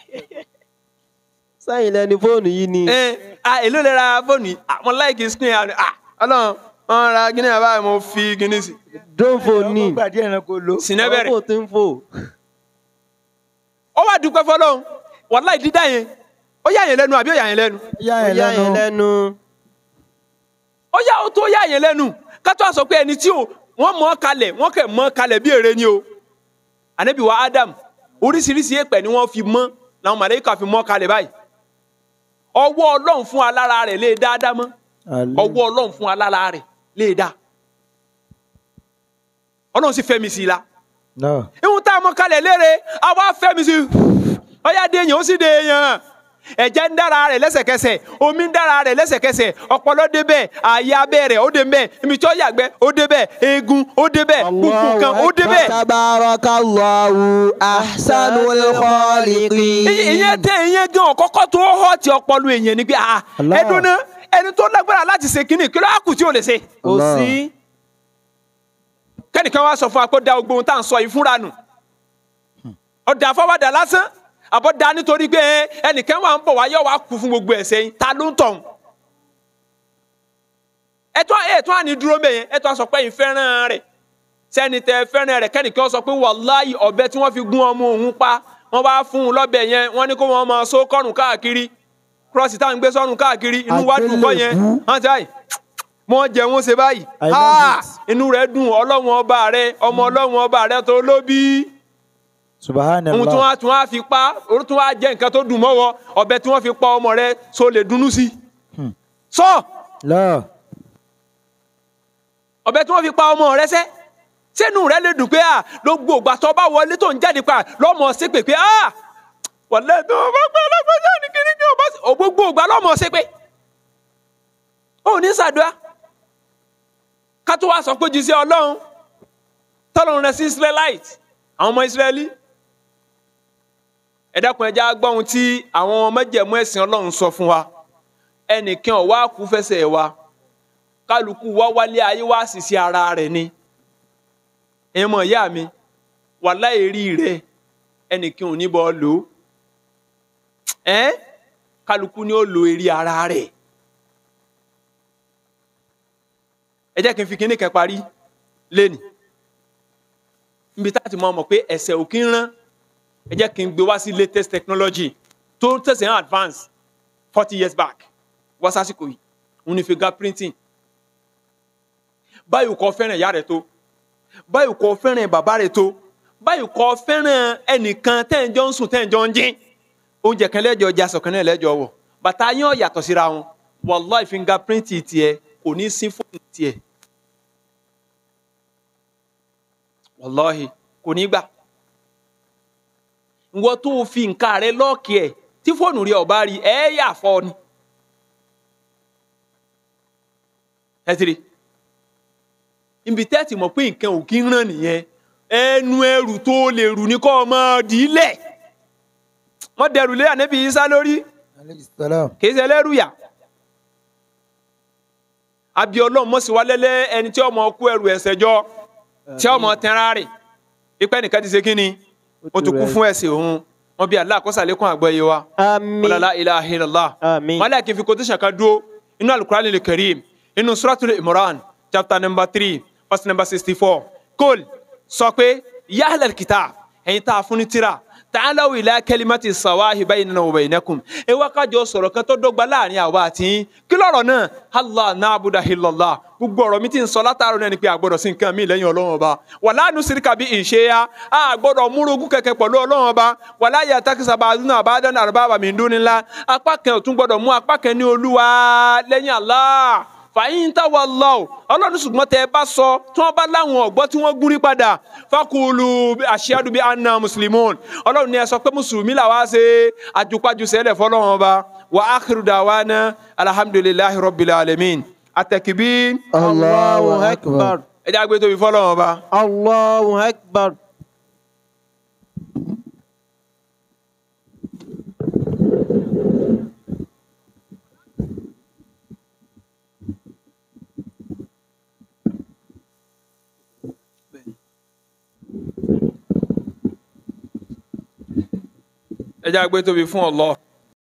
sáyìn lẹni fóònù yìí ni. Eh, a èló lè ra fóònù yìí àwọn láìkì screen àná Ọlọ́run wọn ra gíní àbáyọ mo fi gíní sí. dóńfò ni sinẹbẹrẹ ó wá dúpẹ́ fọlọ́run wàláì dídá yẹn ó yà yẹn lẹ́nu àbí ó yà yẹn lẹ́nu. ó yà yẹn lẹ́nu. ó yà ó tó yà yẹn lẹ́nu kátó àsọ pé ẹni tí wọ́n mọ̀ kalẹ̀ wọ́n kẹ̀ mọ̀ kalẹ̀ bí èrè ni o ànábì wa Adam oríṣiríṣi èpẹ̀ ni wọ́n fi mọ́ làwọn màlẹ́kà fi mọ̀ kalẹ̀ báyìí ọwọ́ Ọlọ́run fún alára rẹ̀ lè dá dá mọ́ ọwọ́ Ọlọ́run fún alára rẹ̀ lè dá Ọlọ́run sì fẹ́mi sí i la. ihun tá a mọ kalẹ̀ léèrè àwa fẹ́mi sí ọyá déyàn ó sì déyàn ẹ̀jẹ̀ ń dára rẹ̀ lẹ́sẹ̀kẹsẹ̀ omi ń dára rẹ̀ lẹ́sẹ̀kẹsẹ̀ ọpọlọ débẹ̀ àyè abẹ́ rẹ̀ ó yàgbẹ́ ó eegun ó débẹ̀ kan ó ìyẹn tẹ ìyẹn gan ọkọkọ tó ti ọpọlọ èèyàn pé kẹ́nìkan wá sọ fún wa pé ó da tá à ń sọ yìí fúnra nù fọwọ́dà lásán nítorí pé ẹnìkan wà ń bọ̀ wá kú fún gbogbo ẹ̀ṣẹ̀ ta ló ń tọ̀hún ẹtọ́ ẹtọ́ àní dúró mẹ́yẹn ẹtọ́ sọ pé yín fẹ́ràn rẹ̀ sẹ́ni tẹ fẹ́ràn rẹ̀ kẹ́nìkan sọ pé ọ̀bẹ tí wọ́n fi gún ọmọ òun pa wọ́n bá fún un lọ́bẹ̀ yẹn wọ́n ní kó wọ́n jẹ wọ́n ṣe báyìí inú rẹ̀ dùn ọlọ́run ọba rẹ̀ ọmọ ọlọ́run ọba rẹ̀ tó ló subahana ohun tí wọ́n tún wá fi pa ohun tí wọ́n jẹ nǹkan tó dùn mọ́wọ́ ọ̀bẹ tí wọ́n fi pa ọmọ rẹ̀ so lè dunnú sí i sọ ọ̀bẹ tí wọ́n fi pa ọmọ rẹ̀ sẹ́ sẹ́nu rẹ̀ lè dùn pé à gbogbo ìgbà tó wọlé tó ń jáde pa lọ́mọ ṣépè pé à wọlé tó bá pẹ́ lọ́gbọ́n jáde kiri kí o bá gbogbo ìgbà lọ́mọ ṣépè ó ní ṣàdúrà ká tó wá sọ pé jíṣẹ́ ọlọ́run tọ́lọ́run rẹ sí israelite àwọn ọmọ israẹli ẹ dákun ẹ já gbọ́ ohun tí àwọn májẹ̀mú ẹ̀sìn ọlọ́run sọ fún wa ẹnìkan ọ̀ kú fẹsẹ̀ wa kálukú wá wálé ayé wá sì sí ara rẹ̀ ni ẹ mọ̀ ìyá mi wà láì rí rẹ ẹnìkan ò ní bọ́ lò ó ẹ kálukú ni ó lo eré ara rẹ̀ ẹ jẹ́ kí n fi kinní kan parí lẹ́nì níbi tá a ti mọ ọmọ pé ẹsẹ̀ ò kí ń rán ẹ jẹ́ kí n gbé wá sí latest technology tó tẹ̀sẹ̀ ń advance forty years back wá sásìkò yìí òun ni fingerprinting báyìí kò fẹ́ràn ìyá rẹ̀ tó báyìí kò fẹ́ràn bàbá rẹ̀ tó báyìí kò fẹ́ràn ẹnìkan tẹ́ ń jọ ń sùn tẹ́ ń jọ ń jín oúnjẹ kan lẹ́jọ́ ọjà sọ̀kan náà lẹ́jọ́ wọ̀ bàtà yín ọ̀ síra wọn wàláì fingerprint tiẹ̀ kò ní sí fóònù tiẹ̀ wàláhì kò ní gbà tó fi nǹkan rẹ lọ́ọ̀kì ẹ̀ tí fóònù rẹ ọba rí ẹ yà fọ ni ẹ ti rí ibi tẹ́tì mọ̀ pé nǹkan ò kí ń ràn nìyẹn ẹnu ẹrù tó lè rù ní kọ́ ọmọ dìílẹ̀ wọ́n dẹrù lé lórí kì í ṣe ẹni tí ọmọ ẹrù ẹ̀sẹ̀ tí ọmọ tẹ́ra rè ipẹ́ nìkan ti ṣe kí ni ó ti kú fún ẹ̀sìn òun wọn bí Allah kó ṣàlékún àgbọ́yé wa. àmín la ilaha illallah. àmín wọn lẹ́ẹ̀kì fi quotation kan dúró inú alukurani le karim inú suratul imran chapter number three verse number sixty four kol sọ pé ya ahlal kitab ẹ̀yin tá a fún ní tírà تعالوا ila كلمة sawahi بيننا وبينكم baynakum ẹ wá ká jọ sọ̀rọ̀ kan tó dọ́gba láàrin àwa àti yín kí lọ́rọ̀ náà allah na'budu illallah gbogbo ọ̀rọ̀ mi ti ń sọ látàárọ̀ náà ni pé àgbọ́dọ̀ sí nǹkan mi lẹ́yìn ọlọ́run ọba wala nusirika bi ìṣeya àgbọ́dọ̀ múrogún kẹ̀kẹ́ pẹ̀lú ọlọ́run ọba wala yatakisa ba'duna ba'dan arbaba min dunillah apá kan ò tún mú apá kan ní olúwa lẹ́yìn allah fàyín táwa lọ o ọlọ́run ṣùgbọ́n tẹ́ ẹ bá sọ tí wọ́n bá láwọn ọ̀gbọ́n tí wọ́n gúnrí padà fakulu ashadu bi anna muslimun ọlọ́run ní ẹ sọ pé mùsùlùmí làwa ṣe àjùpájù sẹ́lẹ̀ fọlọ́run ọba wa akhiru dàwana alhamdulillahi rabbil alamin atakibin. Allahu akbar. ẹ jẹ́ àgbẹ̀ tóbi fọlọ́run ọba. Allahu akbar. ẹ jẹ́ àgbẹ̀ tóbi fún Allah.